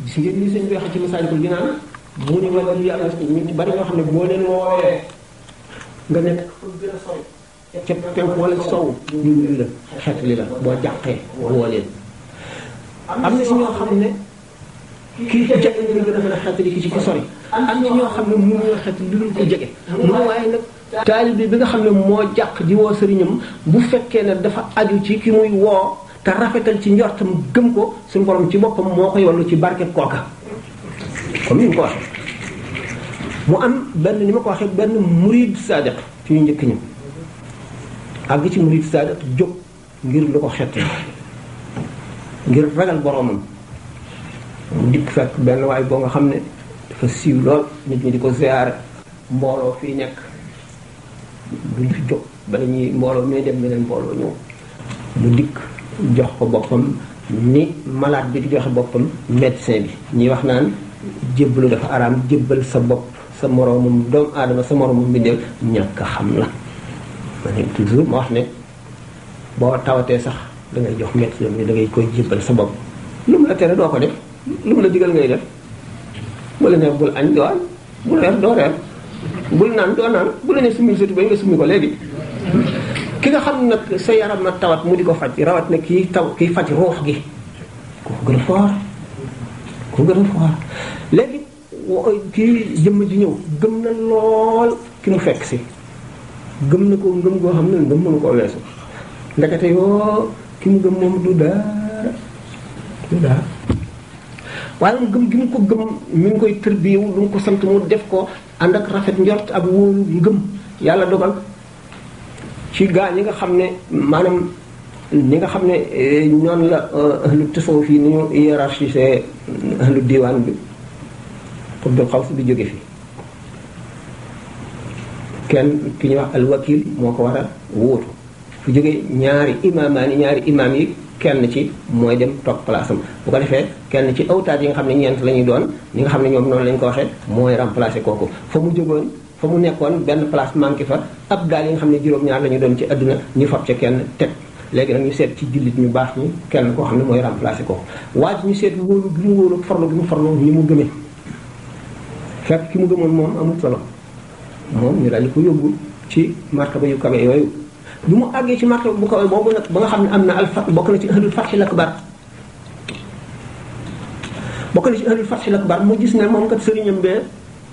gis ngeen ni sëñ bi waxee ci message ko dinaan mu ni wala lu yàlla ñu bari ñoo xam ne boo leen woowee nga nekk fu gën a sori ca penk wala ci sow ñu wuyu la xettali la boo jàqee woo leen am si ñoo xam ne kii jege dina gën a mën a li ki ci ki sori am ci ñoo xam ne mënuñoo xeetali lu dul ko jege mu ne waaye nag taalib bi nga xam ne moo jàq di woo sëriñam bu fekkee ne dafa aju ci ki muy woo te rafetal ci njortam gëm ko suñu borom ci boppam moo koy wallu ci barke kooka comme ni mu ko waxee mu am benn ni ma ko waxee benn murid sadiq ci ñu njëkk ñëw àgg ci murid sadiq jóg ngir lu ko xeetali ngir ragal boromam dikk fek benn way bo nga xamne dafa siw lol nit ñi diko ziar ziare fi fii nekk duñ fi jox ba ñi mbooloo me dem benen mbooloo ñu mu dik jox ko bopam ni malade bi di jox bopam médecin bi ñi wax naan jeblu dafa aram jebal sa bop sa morom doom adama sa morom bi dem ñàkk xam la mané toujours mo wax ne bo tawate sax da ngay jox médecin bi da ngay koy jebal sa bop lu mu la téré do ko def lu la digal ngay def bu la ne bul añ doo añ bu reer doo reer bul nan do nan bu la ne summi sutu bay nga summi ko legi ki nga xam nak sa yaram na tawat mu diko fajj rawat na ki taw ki fajj ruux gi ko gëna a foor kooku gën a foor léegi eh, ki jëmm ji ñew gëm na lool ki nu fekk ci gëm na ko ngëm go xam na ngëm mu ko wessu ndakate yo ki mu gëm mom du dara du dara waaye mu gëm gi mu ko gëm mi ngi koy tërbiyewu lu mu ko sant mu def ko ànd ak rafet njort ak wóolu ngëm yàlla dogal ci gaa ñi nga xam ne maanaam ñi nga xam ne eh, ñoon la eh, lu tasawuf fii ni ñu hiérarchisé eh, ahlu diwaan bi xutbul si bi jóge fi kenn ki ñuy wax alwakil moo ko waral a wóotu fu jóge ñaari imaamaan yi ñaari imaam yi kenn ci mooy dem toog place bu ko defee kenn ci awtaat yi nga xam ne ñeent la ñuy doon ñi nga xam ne ñoom noonu la ko waxee mooy remplacer kooku fa mu jógoon fa mu nekkoon benn place manqué fa ab daal yi nga xam ne juróom-ñaar la ñu doon ci àdduna ñu fab ca kenn teg léegi nag ñu seet ci jullit ñu baax ñi kenn koo xam ne mooy remplacer kooku waaj ñu seet wóolu gi mu wóolu farlu gi mu farlu ñu mu gëmee fekk ki mu gëmoon moom amul solo moom daal di ko yóbbu ci martaba yu kawe yooyu bi mu àggee ci martaba bu kawe boobu nag ba nga xam ne am na al fat bokk na ci ahlul fatxi lakbar bokk na ci ahlul fatxi lakbar mu gis ne moom kat sëriñam bee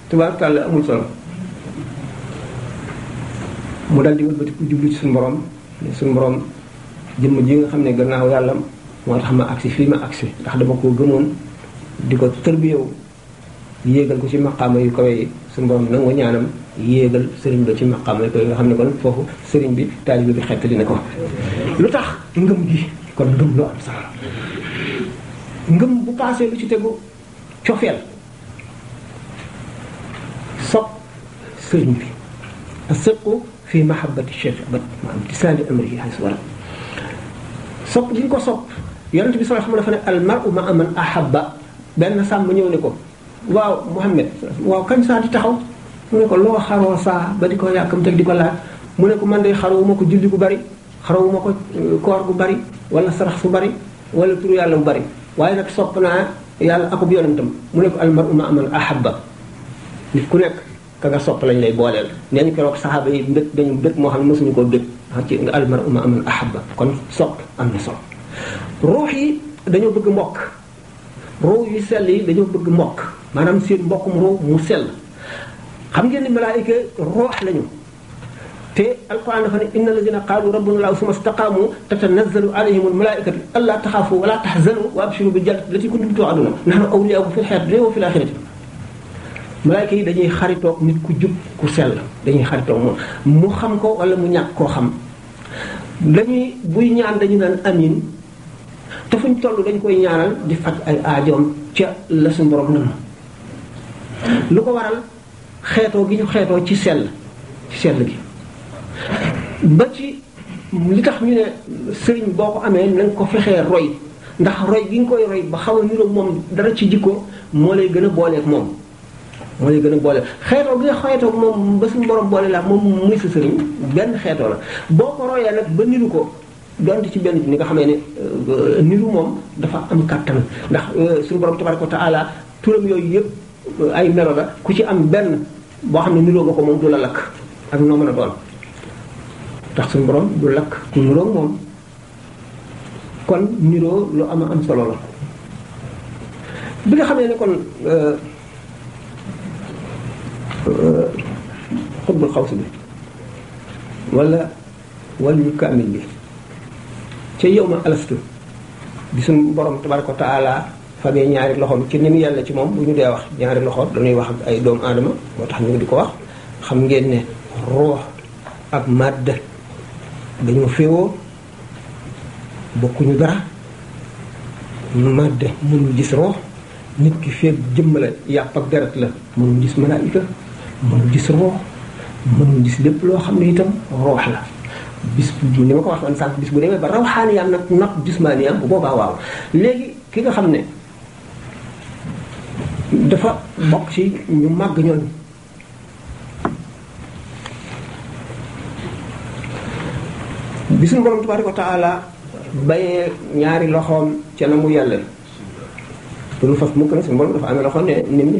tubaab tàll amul solo mu dal di wëlbati ku jublu ci sun borom sun borom jëmm ji nga xam ne gannaaw yàlla moo tax ma aksi fii ma aksi ndax dama ko gëmoon di ko tërbiyew yéegal ko ci maqaama yu kawe yi borom nangu ñaanam yéegal sëriñ ba ci maqaam ko nga xam ne kon foofu sëriñ bi taalibe bi li ne ko lu tax ngëm gi kon ngëm lu am solo ngëm bu paasee lu ci tegu cofeel sopp sëriñ bi asiqu fi mahabbati ma bat maam tisaali amrihi xas wala ko sopp yonent bi sallallahu alayhi wa sallam dafa ne al mar'u benn sàmm ñëw ne ko waaw Muhammad waaw kañ saa di taxaw mu ne ko loo xaroo saa ba di ko mu teg di ko laa mu ne ko man de xarawuma ko julli gu bari xarawuma ko euh, koor bu bari wala sarax su bari wala turu yàlla bu bari waaye nag sopp naa yàlla akub yonentam mu ne ko almaru ma aman ahabba nit ku nekk ka nga sopp lañ lay booleel nee ñu keroog saxaaba yi mbég dañu mbég moo xam ne mësuñu koo bég ci nga almaru ma aman ahabba kon sopp am na solo ruux yi dañoo bëgg mbokk ruux yu sell yi dañoo bëgg mbokk maanaam seen mbokkum ruux mu sell xam ngeen ni malaayika roox lañu te alquran dafa ne inna alladina qaalu rabbuna laahu summa staqaamu tatanazzalu alayhim almalaaikatu allaa taxaafu wala taxzanu wa abshiru bi jannati lati kuntum tuuaduuna nahnu awliyaakum fi lxayaati dunya wa fi laaxirati malaayika yi dañuy xaritoog nit ku jub ku sell dañuy xaritoog moom mu xam ko wala mu ñàkk koo xam buy ñaan dañu naan amin fuñ toll dañ koy ñaanal di faj ay aajoom ca la suñu borom nam lu ko waral xeetoo gi ñu xeetoo ci sell ci sell gi ba ci li tax ñu ne sëriñ boo ko amee nañ ko fexee roy ndax roy gi nga koy roy ba xawa a moom dara ci jikko moo lay gën a booleeg moom moo lay gën a boole xeetoo bi nga xeetoo moom ba suñ borom boole laa moom muy sa sëriñ benn xeetoo la boo ko royee nag ba niru ko donte ci benn bi ni nga xamee ne euh, niru moom dafa am kàttan ndax euh, suñu borom tabaraka wa taala turam yooyu yëpp ay melo la ku ci am benn boo xam ne niroo nga ko moom du la lakk ak noo mën a doon tax suñu borom du lakk ku niroo moom kon niroo lu am am solo la bi nga xamee ne kon euh, euh, xutbul xaw bi wala wàllu kaamil bi ca yow ma alastu bi suñu borom tabaraka wa fagee ñaari loxom ci ni yalla ci mom bu ñu dé wax ñaari da ñuy wax ak ay doom aadama motax ñu diko wax xam ngeen ne ruh ak dañu dañoo bokku ñu dara mu ñu gis ruh nit ki feeg jëmm la yàpp ak deret la ñu gis mu ñu gis mu ñu gis lepp lo xam itam ruh la bis ni ma ko wax man sànq bis bu demee ba rawxaani yam nak nag jismaani bu boba waaw léegi ki nga xam dafa bokk ci ñu màgg ñooñu bi suñu borom tabaaraka wa taala bayee ñaari loxoom ca na mu yàlla duñu fas mukk nag suñu borom dafa amee loxo ne ni mu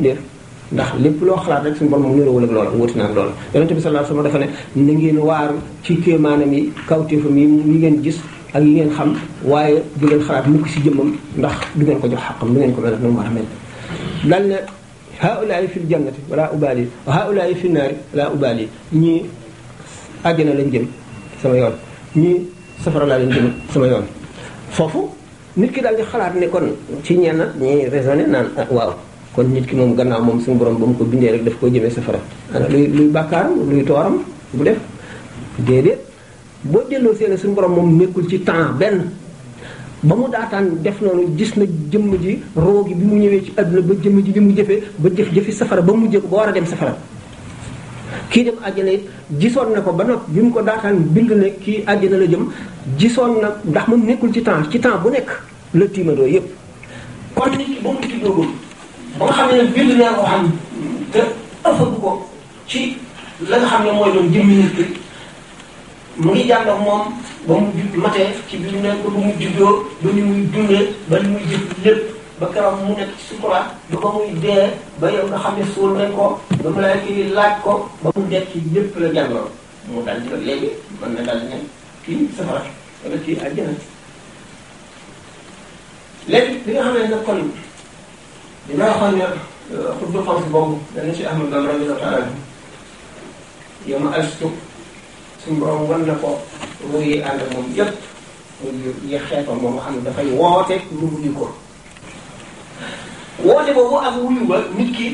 ndax lépp loo xalaat rek suñu borom moom niroowul ak loola wuti na ak loola yonente bi sallallahu alayhi wasallam dafa ne na ngeen waaru ci kéemaanam yi kawtéefam yi yi ngeen gis ak yi ngeen xam waaye du ngeen xalaat mukk ci jëmmam ndax du ngeen ko jox xaqam du ngeen ko mel ak na mu war a dal ne haulaay fil jannati wala ubaali wa haulaay fi naari wala ubaali ñii na lañ jëm sama yoon ñii safara laa lañ jëm sama yoon foofu nit ki daal di xalaat ne kon ci ñenn ñi raisonné naan ah, waaw kon nit ki moom gannaaw moom suñu borom ba mu ko bindee rek daf koo jëmee safara ah, luy luy bàkkaaram luy tooram bu def déedéet boo delloo seene suñu borom moom nekkul ci temps benn ba mu daataan def noonu gis na jëmm ji roogi bi mu ñëwee ci àdduna ba jëmm ji li mu jëfee ba jëf jëfi safara ba mu jëf ba war a dem safara kii dem àjjana it gisoon na ko ba noppi bi mu ko daataan bind ne kii na la jëm gisoon na ndax moom nekkul ci temps ci temps bu nekk la tiimandoo yépp kon nit ki ba mu tiimandoo ba nga xam ne bind naa ko xam te ëffagu ko ci la nga xam ne mooy doon jëmmi nit mu ngi jànd moom ba mu ju matee ci bi mu ne ba mu juddoo ba ni muy dundee ba ni muy jëf lépp ba keroog mu nekk ci sukuraat ba ba muy dee ba yow nga xam ne suul nañ ko ba mu lay kii laaj ko ci lépp la jàngoon mu dal di ko léegi mën na dal ne kii safara wala kii àjjana léegi li nga xam ne nag kon li ma waxoon ne xutbu xaw si boobu dana si Ahmad Bamba radiyallahu taala yow ma alstu suñu borom wan na ko ruu yi ànd moom yëpp muy xeetam moom nga xam ne dafay woote ñu wuyu ko woote boobu ak wuyu ba nit ki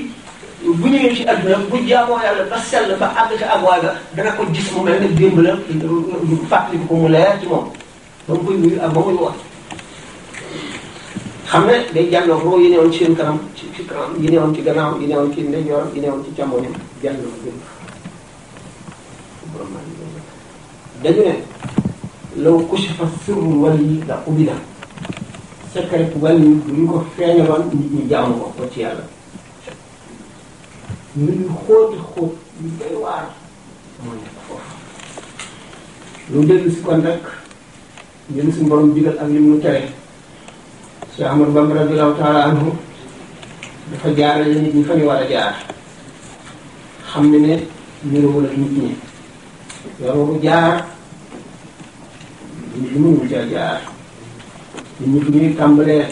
bu ñëwee ci àdduna bu jaamoo yàlla ba sell ba àgg ca àgguwaay ba dana ko gis mu mel ne démb la fàttali ko mu leer ci moom ba mu koy wuyu ak ba muy woote xam ne day jàlloog roo yi newoon ci seen kanam ci ci kanam ci gannaaw yi newoon ci ndeyjooram yi newoon ci càmmoñam jàlloog dañu ne law kushifa sirrul wali la ubida secret wali bu ñu ko feeñaloon nit ñi jaamu ko ko ci yàlla ñu ñu xóoti xóot ñu day waar moo nekk foofu lu dellu si kon rek jëm si borom digal ak lim mu tere Cheikh Ahmadou Bamba radiyallahu taala anhu dafa jaarale nit ñi fa ñu war a jaar xam ne ne ñu wala nit ñi yoon wu jaar nit ñi mënul caa jaar tàmbalee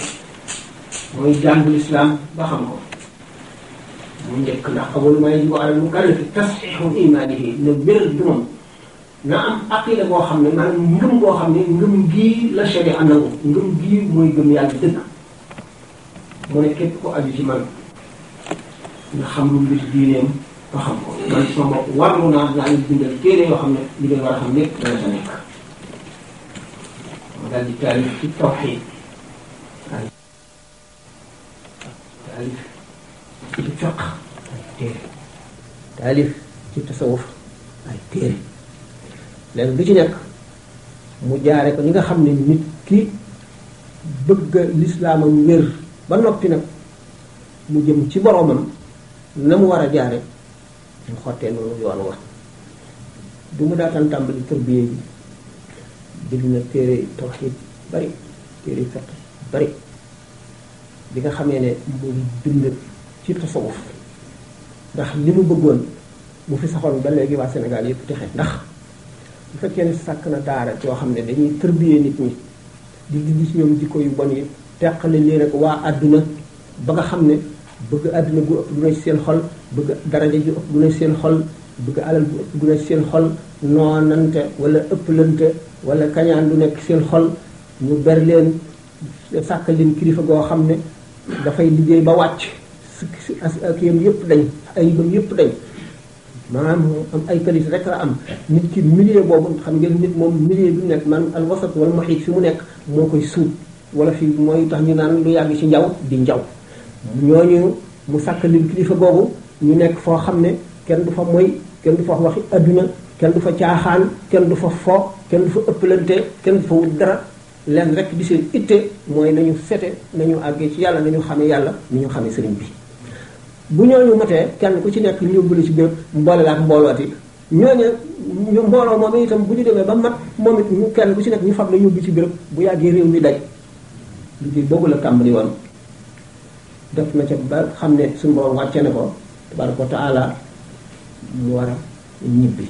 mooy jàng lislaam ba xam ko mu njëkk ndax awal ma yajibu alal mukallifi tasxiixu imaanihi na wér gëmam na am aqida boo xam ne maanaam ngëm boo xam ne ngëm gii la sharia nangu ngëm gii mooy gëm yàlla dëgg mu ne képp ko aju ci man xam lu diineem ba xam ko man naa dinaa leen téere yoo xam ne li ngeen war a xam lépp nekk ma daal taalif ci tawxiid taalif ci tasawuf ay téere léegi lu ci nekk mu jaare ko ñi nga xam ne nit ki bëgg lislaamam wér ba noppi nag mu jëm ci boroomam na mu war a jaare ñu xottee noonu yoon wa bi mu daataan tàmbali tërbiye bi bind na téere tawxiid bari téere fiq bari bi nga xamee ne mu bind ci tasawuf ndax li mu bëggoon mu fi saxoon ba léegi waa Sénégal yëpp texe ndax bu fekkee ne sàkk na daara yoo xam ne dañuy tërbiyee nit ñi di gis ñoom jikko yu bon yi teqale leen ak waa àdduna ba nga xam ne bëgg àdduna gu ëpp gu ne seen xol bëgg daraja ju ëpp gu ne seen xol bëgg alal bu ëpp gu ne seen xol noonante wala ëpplante wala kañaan lu nekk seen xol ñu ber leen sàkkal leen kilifa goo xam ne dafay liggéey ba wàcc si ak yam yëpp dañ ay yibam yëpp dañ am ay qualité rek la am nit ki milieu boobu xam ngeen nit moom milieu bu nekk man al wasat wala muhiit fi mu nekk moo koy suut wala fi mooy tax ñu naan lu yàgg ci njaw di njaw ñooñu mu sàkk leen kilifa googu ñu nekk foo xam ne kenn du fa moy kenn du fa waxi adduna kenn du fa caaxaan kenn du fa fo kenn du fa ëppalante kenn du fa wut dara leen rek di seen itte mooy nañu fete nañu àggee ci yàlla nañu xame yàlla ni ñu xame sëriñ bi bu ñoo ñooñu matee kenn ku ci nekk ñu yóbbu la ci béréb mboole la ak mboolewaati ñooñu ñu mbooloo moom itam bu ñu demee ba mat moom it ñu kenn ku ci nekk ñu fab la yóbbu ci béréb bu yàggee réew mi daj liggéey boobu la def na ca ba xam ne suñu borom wàcce na ko tabaraka wa taala mu war a ñibbi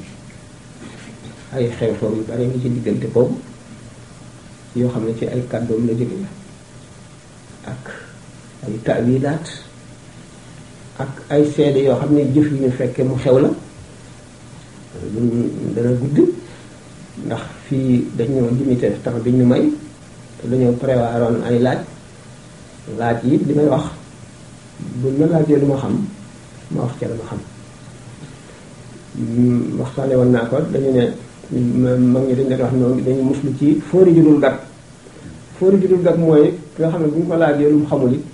ay xew-xew yu bare ngi ci diggante boobu yoo xam ne ci ay kàddoom la jóge la ak ay taawilaat ak ay seede yoo xam ne jëf yu ñu fekkee mu xew la dana gudd ndax fii dañoo limité tax bi ñu may te dañoo prévoiroon ay laaj laaj yi li may wax buñ la laajee lu ma xam ma wax ca la ma xam mm, waxtaane woon naa ko dañu ne mag ñi dañ leen wax noonu dañu muslu ci fóori judul gat fóori judul gat mooy ki nga xam ne bu ñu ko laajee lu mu xamul it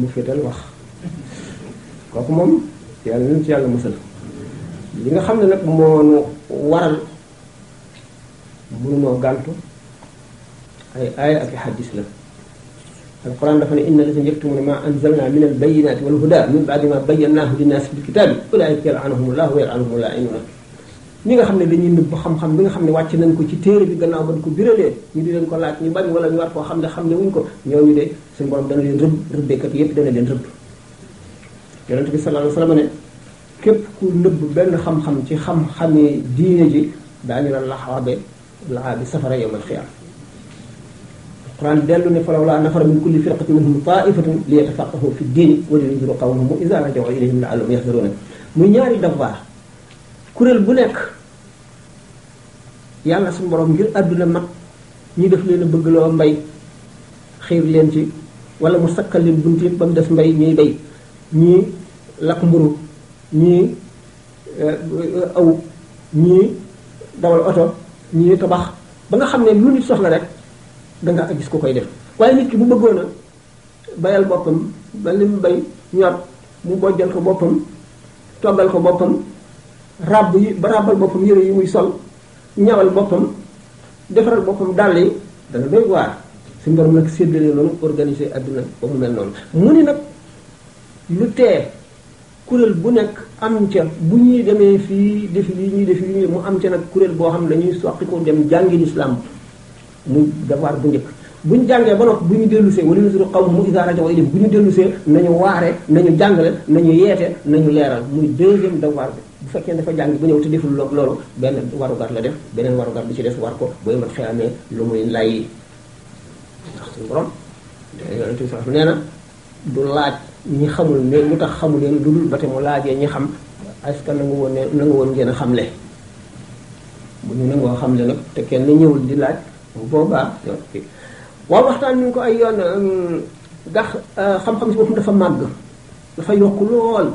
mu féetal wax kooku moom yàlla nañu ci yàlla musal li nga xam ne nag moo nu waral mënunoo gàntu ay aaya ak i xaddis la alquran dafa ne inna lazina yaktumuna ma anzalna min albayinati wal huda min baadi ma bayyannaahu linnaasi fil kitaabi ulaika yal'anuhumullah wa yal'anuhumul laa'inuun ñi nga xam ne dañuy nëbb xam-xam bi nga xam ne wàcc nañ ko ci téere bi gannaaw ko ñu di leen ko laaj ñu bari wala ñu war koo xam ne ne wuñ ko ñooñu de suñu borom dana leen rëbb rëbbeekat yépp dana leen rëbb yonente bi sallallahu alayhi wa sallam ne képp ku nëbb benn xam-xam ci xam-xamee diine ji daañu la laxawabe laxaa bi safara yowmal xiyaam alquran dellu ne falawlaa nafara min kulli firqatin minhum taifatun li yatafaqqahu fi diin wa a qawmahum iza raja'u ilayhim la'allahum yahzaruna muy ñaari davoir kuréel bu nekk yàlla suñu borom ngir àdduna mag ñu def leen a bëgg loo mbay xiir leen ci wala mu sakkal leen bunt yëpp ba mu def mbay ñuy bay ñii lakk mburu ñii euh, aw ñii dawal oto ñii tabax ba nga xam ne lu nit soxla rek danga gis ko koy def waaye nit ki bu bëggoon a bayal boppam ba li mu bay ñor mu bojjal ko boppam toggal ko boppam ràbb yi ba ràbbal boppam yére yi muy sol ñawal boppam defaral boppam dàll yi dana doy waar suñ borom nag séddale noonu organiser àdduna ba mu mel noonu mu ni nag lu tee kuréel bu nekk am ca bu ñuy demee fii def yi ñuy def lii mu am ca nag kuréel boo xam ne dañuy soqi ko dem jàngi lislaam mu muy devoir bu njëkk bu ñu jàngee ba noppi bu ñu dellusee wala nusuru xaw mu isa rajo ilim bu ñu dellusee nañu waare nañu jàngale nañu yeete nañu leeral muy deuxième devoir bi bu fekkee dafa jàng bu ñëw te deful loog loolu benn warugar la def beneen warugar bi ci des war ko booy mat xeamee lu muy lay ndax suñu nee na du laaj ñi xamul ne lu tax xamu leen lu dul ba te mu laajee ñi xam est-ce que nangu woon ne nangu woon ngeen a xamle bu ñu nangoo xamle nag te kenn ñëwul di laaj bu boobaa yoon waaw waxtaan ñu ko ay yoon euh, ndax euh, xam-xam si boppam dafa màgg dafa yokk lool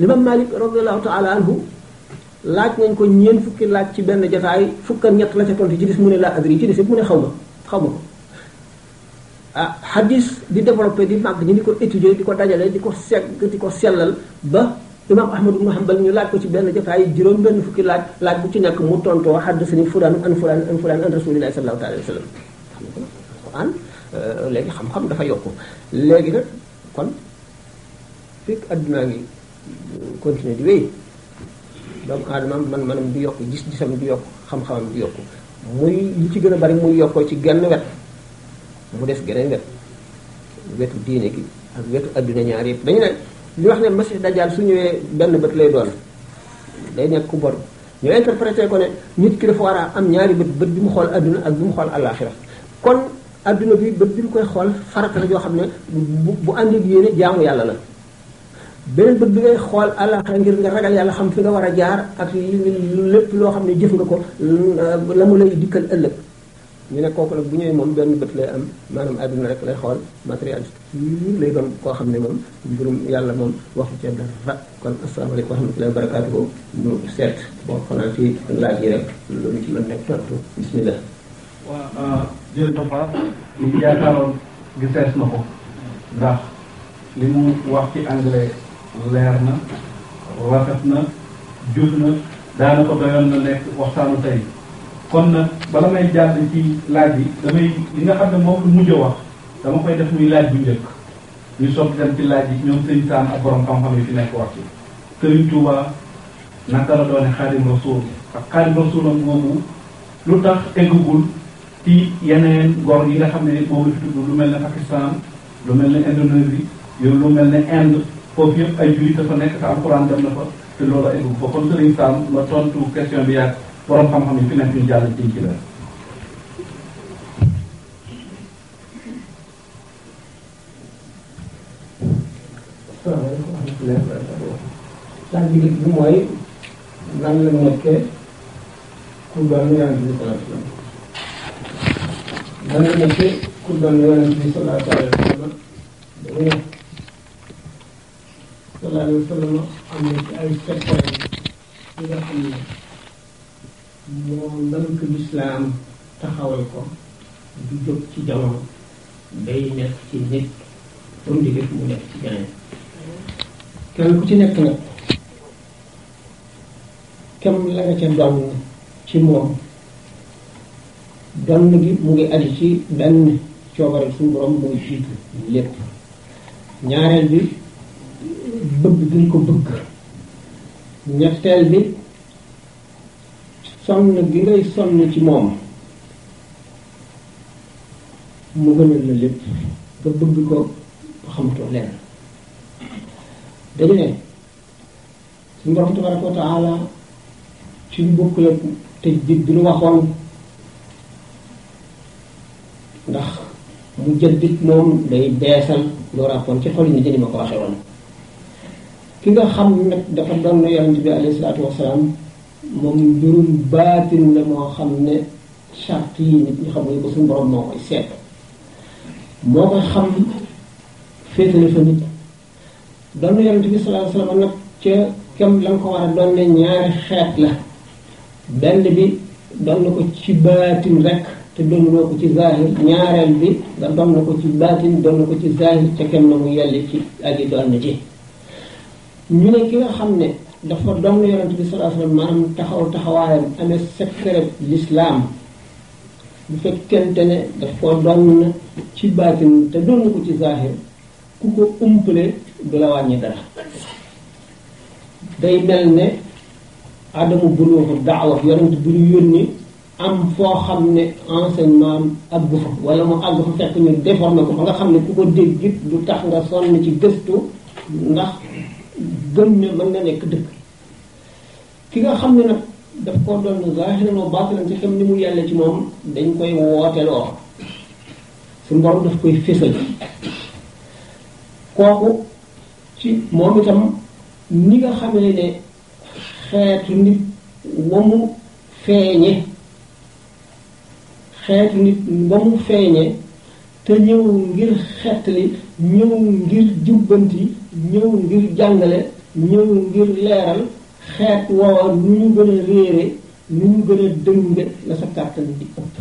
limam Malik radiallahu taala anhu laaj nañ ko ñeent fukki laaj ci benn jotaay fukk ñett la ca tontu ci des mu ne laa adri ci des mu ne xaw ma xaw ma ko ah, hadis di développé di màgg ñi di ko étudier di ko dajale di ko segg di ko sellal ba imaam ahmad ibnu hanbal ñu laaj ko ci benn jotaay juróom benn fukki laaj laaj bu ci nekk mu tontoo xaddasani fulaan an fulaan an fulaan an rasulillahi sallallahu alayhi wa sallam xam nga an euh, léegi xam-xam dafa yokku léegi nag kon fekk addunaa ngi continuer di wéy doomu aadama man manam di yokk gis-gisam di yokk xam-xamam di yokk muy li ci gën a bari muy yokkoo ci genn wet mu des geneen wet wetu diine gi ak wetu adduna ñaar yëpp dañu ne li wax ne masih dajjal su ñëwee benn bët lay doon day nekk ku bor ñu interprété ko ne nit ki dafa war a am ñaari bët bët bi mu xool àdduna ak bi mu xool alaxira kon àdduna bi bët bi mu koy xool farata la joo xam ne bu bu àndik yéene jaamu yàlla la beneen bët bi ngay xool alaxira ngir nga ragal yàlla xam fi nga war a jaar ak lépp loo xam ne jëf nga ko la mu lay dikkal ëllëg ñu ne kooku nag bu ñëwee moom benn bët lay am maanaam àdduna rek lay xool matérialiste yi lay doon koo xam ne moom mbirum yàlla moom waxu ca dara kon asalaamaaleykum wa rahmatullahi wa barakaatu ñu seet ah, na ko wax ci anglais leer na rafet na jur na daana ko doyoon na nekk waxtaanu tey kon nag bala may jàll ci laaj yi damay li nga xam ne moo lu mujj wax dama koy def muy laaj bu njëkk ñu soog dem ci laaj yi ñoom sëñ Saam ak borom xam-xam yi fi nekk wax ci Sëriñ Tuuba naka la doone Xaadim Rasuul ak Xaadim Rasuulam boobu lu tax eggagul ci yeneen gor yi nga xam ne moom fi tudd lu mel ne Pakistan lu mel ne Indonésie yow lu mel ne Inde foofu yëpp ay jullit dafa nekk te alxuraan dem na fa te loolu eggagul ba kon Sëriñ Saam tontu question borom xam-xam yi fi nekk ñu jàll ci ci la salaamaaleykum rahmatulah laaj bi njëkk bi mooy lan la nekkee ku doon yonent bi sallallahu alayhi wa sallam lan la nekkee ku doon yonent bi sallallahu alayhi wa sallam dafa nekk sallallahu alayhi wa sallam am na ci ay secret yi nga xam ne moom lank lislaam taxawal ko du jóg ci jamono day nekk ci nit ba mu mu nekk ci keneen kenn ku ci nekk nag kem la nga ca doon ci moom donn gi mu ngi aju ci benn coobaral suñu borom mooy jiitu lépp ñaareel bi bëgg ko bëgg ñetteel bi sonn gi ngay sonn ci moom mu gënal la lépp nga bëgg ko ba xamatoo leen dañu ne suñu borom tabaraka wa ci ñu bokk te jig bi nu waxoon ndax mu jëddit moom day beesal loo ràppoon ci xol yi ni ma ko waxee woon ki nga xam nag dafa doon na yonent bi alayhi salaatu wasalaam moom mbirum baatin la moo xam ne charte yi nit ñi xamuñu ko suñu borom moo koy seet moo koy xam féetale fa nit doon yonent bi sallallahu alayhi wasallam nag ca kem la nga ko war a doon ne ñaari xeet la benn bi doon na ko ci baatin rek te doon na ko ci zahir ñaareel bi nga doom na ko ci baatin doon na ko ci zahir te kem na mu yelle ci aji doon na ci ñu ne ki nga xam ne dafa doon yonent bi sallallahu alayhi wasallam taxaw taxawaayam amee secret l'islam bu fekkente ne daf koo doon na ci baatin te doon ko ci zahir ku ko umpale du la wàññi dara day mel ne adamu buluuxu daawa yonent bu ñu am foo xam ne enseignement àggu fa wala mu àggu fa fekk ñu déformé ko ba nga xam ne ku ko dégg du tax nga sonn ci gëstu ndax gëm ne mën na nekk dëgg ki nga xam ne nag daf koo doon zaahiran wa baatinan ci xam ni mu yàlla ci moom dañ koy wooteloo daf koy fésal kooku nga xamee ne xeetu nit wamu feeñe xeetu nit wamu feeñe te ñëw ngir xeetali ñëw ngir jubbanti ñëw ngir jàngale ñëw ngir leeral xeet woowa nu ñu gën a réere nu ñu gën a dënge la sa kàttan di ëpp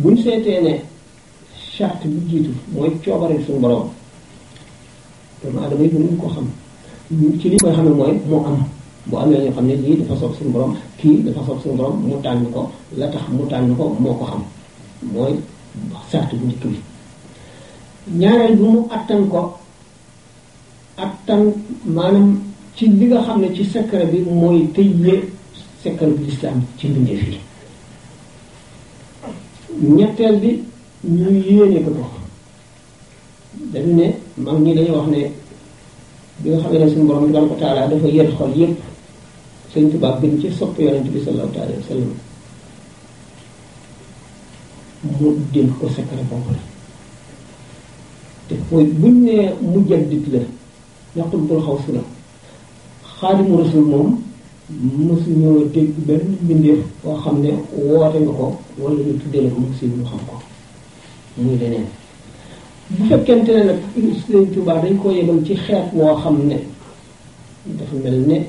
buñ seetee ne charte bi jiitu mooy coobare suñu borom doomu aadama yi mënuñ ko xam ci li koy xam ne mooy moo am bu amee ñoo xam ne lii dafa soob suñu borom kii dafa soob suñu borom mu tànn ko la tax mu tàng ko moo ko xam mooy charte bu njëkk bi ñaareel bi mu attan ko ak tam maanaam ci li nga xam ne ci secret bi mooy tëjee secret bu lislaam ci mbindeef yi ñetteel bi ñu yéene ko dañu ne mag ñi dañu wax ne bi nga xam ne suñu borom tabaraka wa taala dafa yër xol yépp sëñ Tuubaa gën ci sopp yonent bi sallallahu alayhi wa sallam mu dénk ko secret boobu la te fooy buñ ne mu jaddit la yaqutbul xawsu la xaadimu rasul moom mosu ñoo dégg benn mbindeef boo xam ne woote nga ko wala ñu tuddee la ko moom si ñu xam ko muy leneen bu fekkente ne nag Sëriñ Tuubaa dañ koo yegal ci xeet woo xam ne dafa mel ne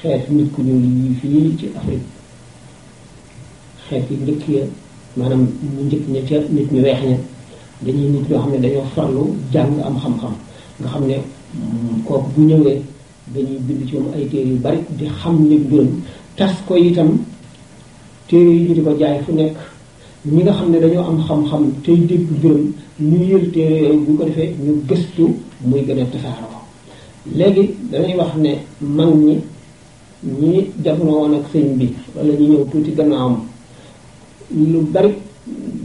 xeet nit ku ñuul yi fii ci Afrique xeet yi njëkk ya maanaam ñu njëkk ña ca nit ñu weex ña dañuy nit ñoo xam ne dañoo farlu jàng am xam-xam nga xam ne kooku bu ñëwee dañuy bind ci moom ay téere yu bari di xam li mbiram tas ko itam téere yi di ko jaay fu nekk ñi nga xam ne dañoo am xam-xam tey dégg mbiram ñu yël téere yooyu bu ko defee ñu gëstu muy gën a tasaaroo léegi dañuy wax ne mag ñi ñi jamono woon ak sëñ bi wala ñu ñëw tuuti gannaawam lu bari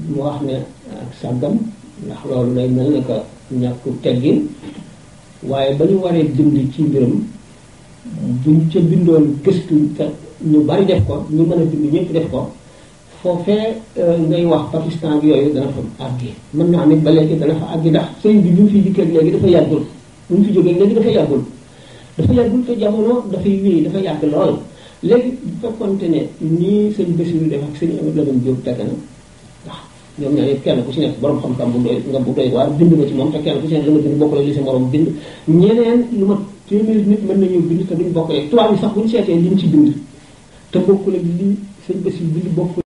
mu wax ne ak sàggam ndax loolu lay mel ne que ñàkk teggin waaye ba ñu waree bind ci mbiram bu ñu ca bindoon gëstu te ñu bari def ko ñu mën a bind ñëpp def ko foofee euh, ngay wax Pakistan bi yooyu dana fa àggi mën naa nit ba léegi dana fa àggi ndax sëñ bi ñu fi dikkee léegi dafa yàggul ñu fi jógee léegi dafa yàggul dafa te jamono dafay wéy dafa yàgg lool léegi bu fekkonte ne nii sëñ Bassirou def ak sëñ Amadou Lamine Diop Dagana ñoom ñaar kenn ku ci nekk borom xam-xam bu doy nga bu doy waar bind nga ci moom te kenn ku ci nekk la nga bind bokkul li sa morom bind ñeneen lu ma téeméer nit mën nañoo bind te duñ bokkul ak yi sax buñ seetee liñ ci bind te bokkul li sëñ bés yi bind bokkul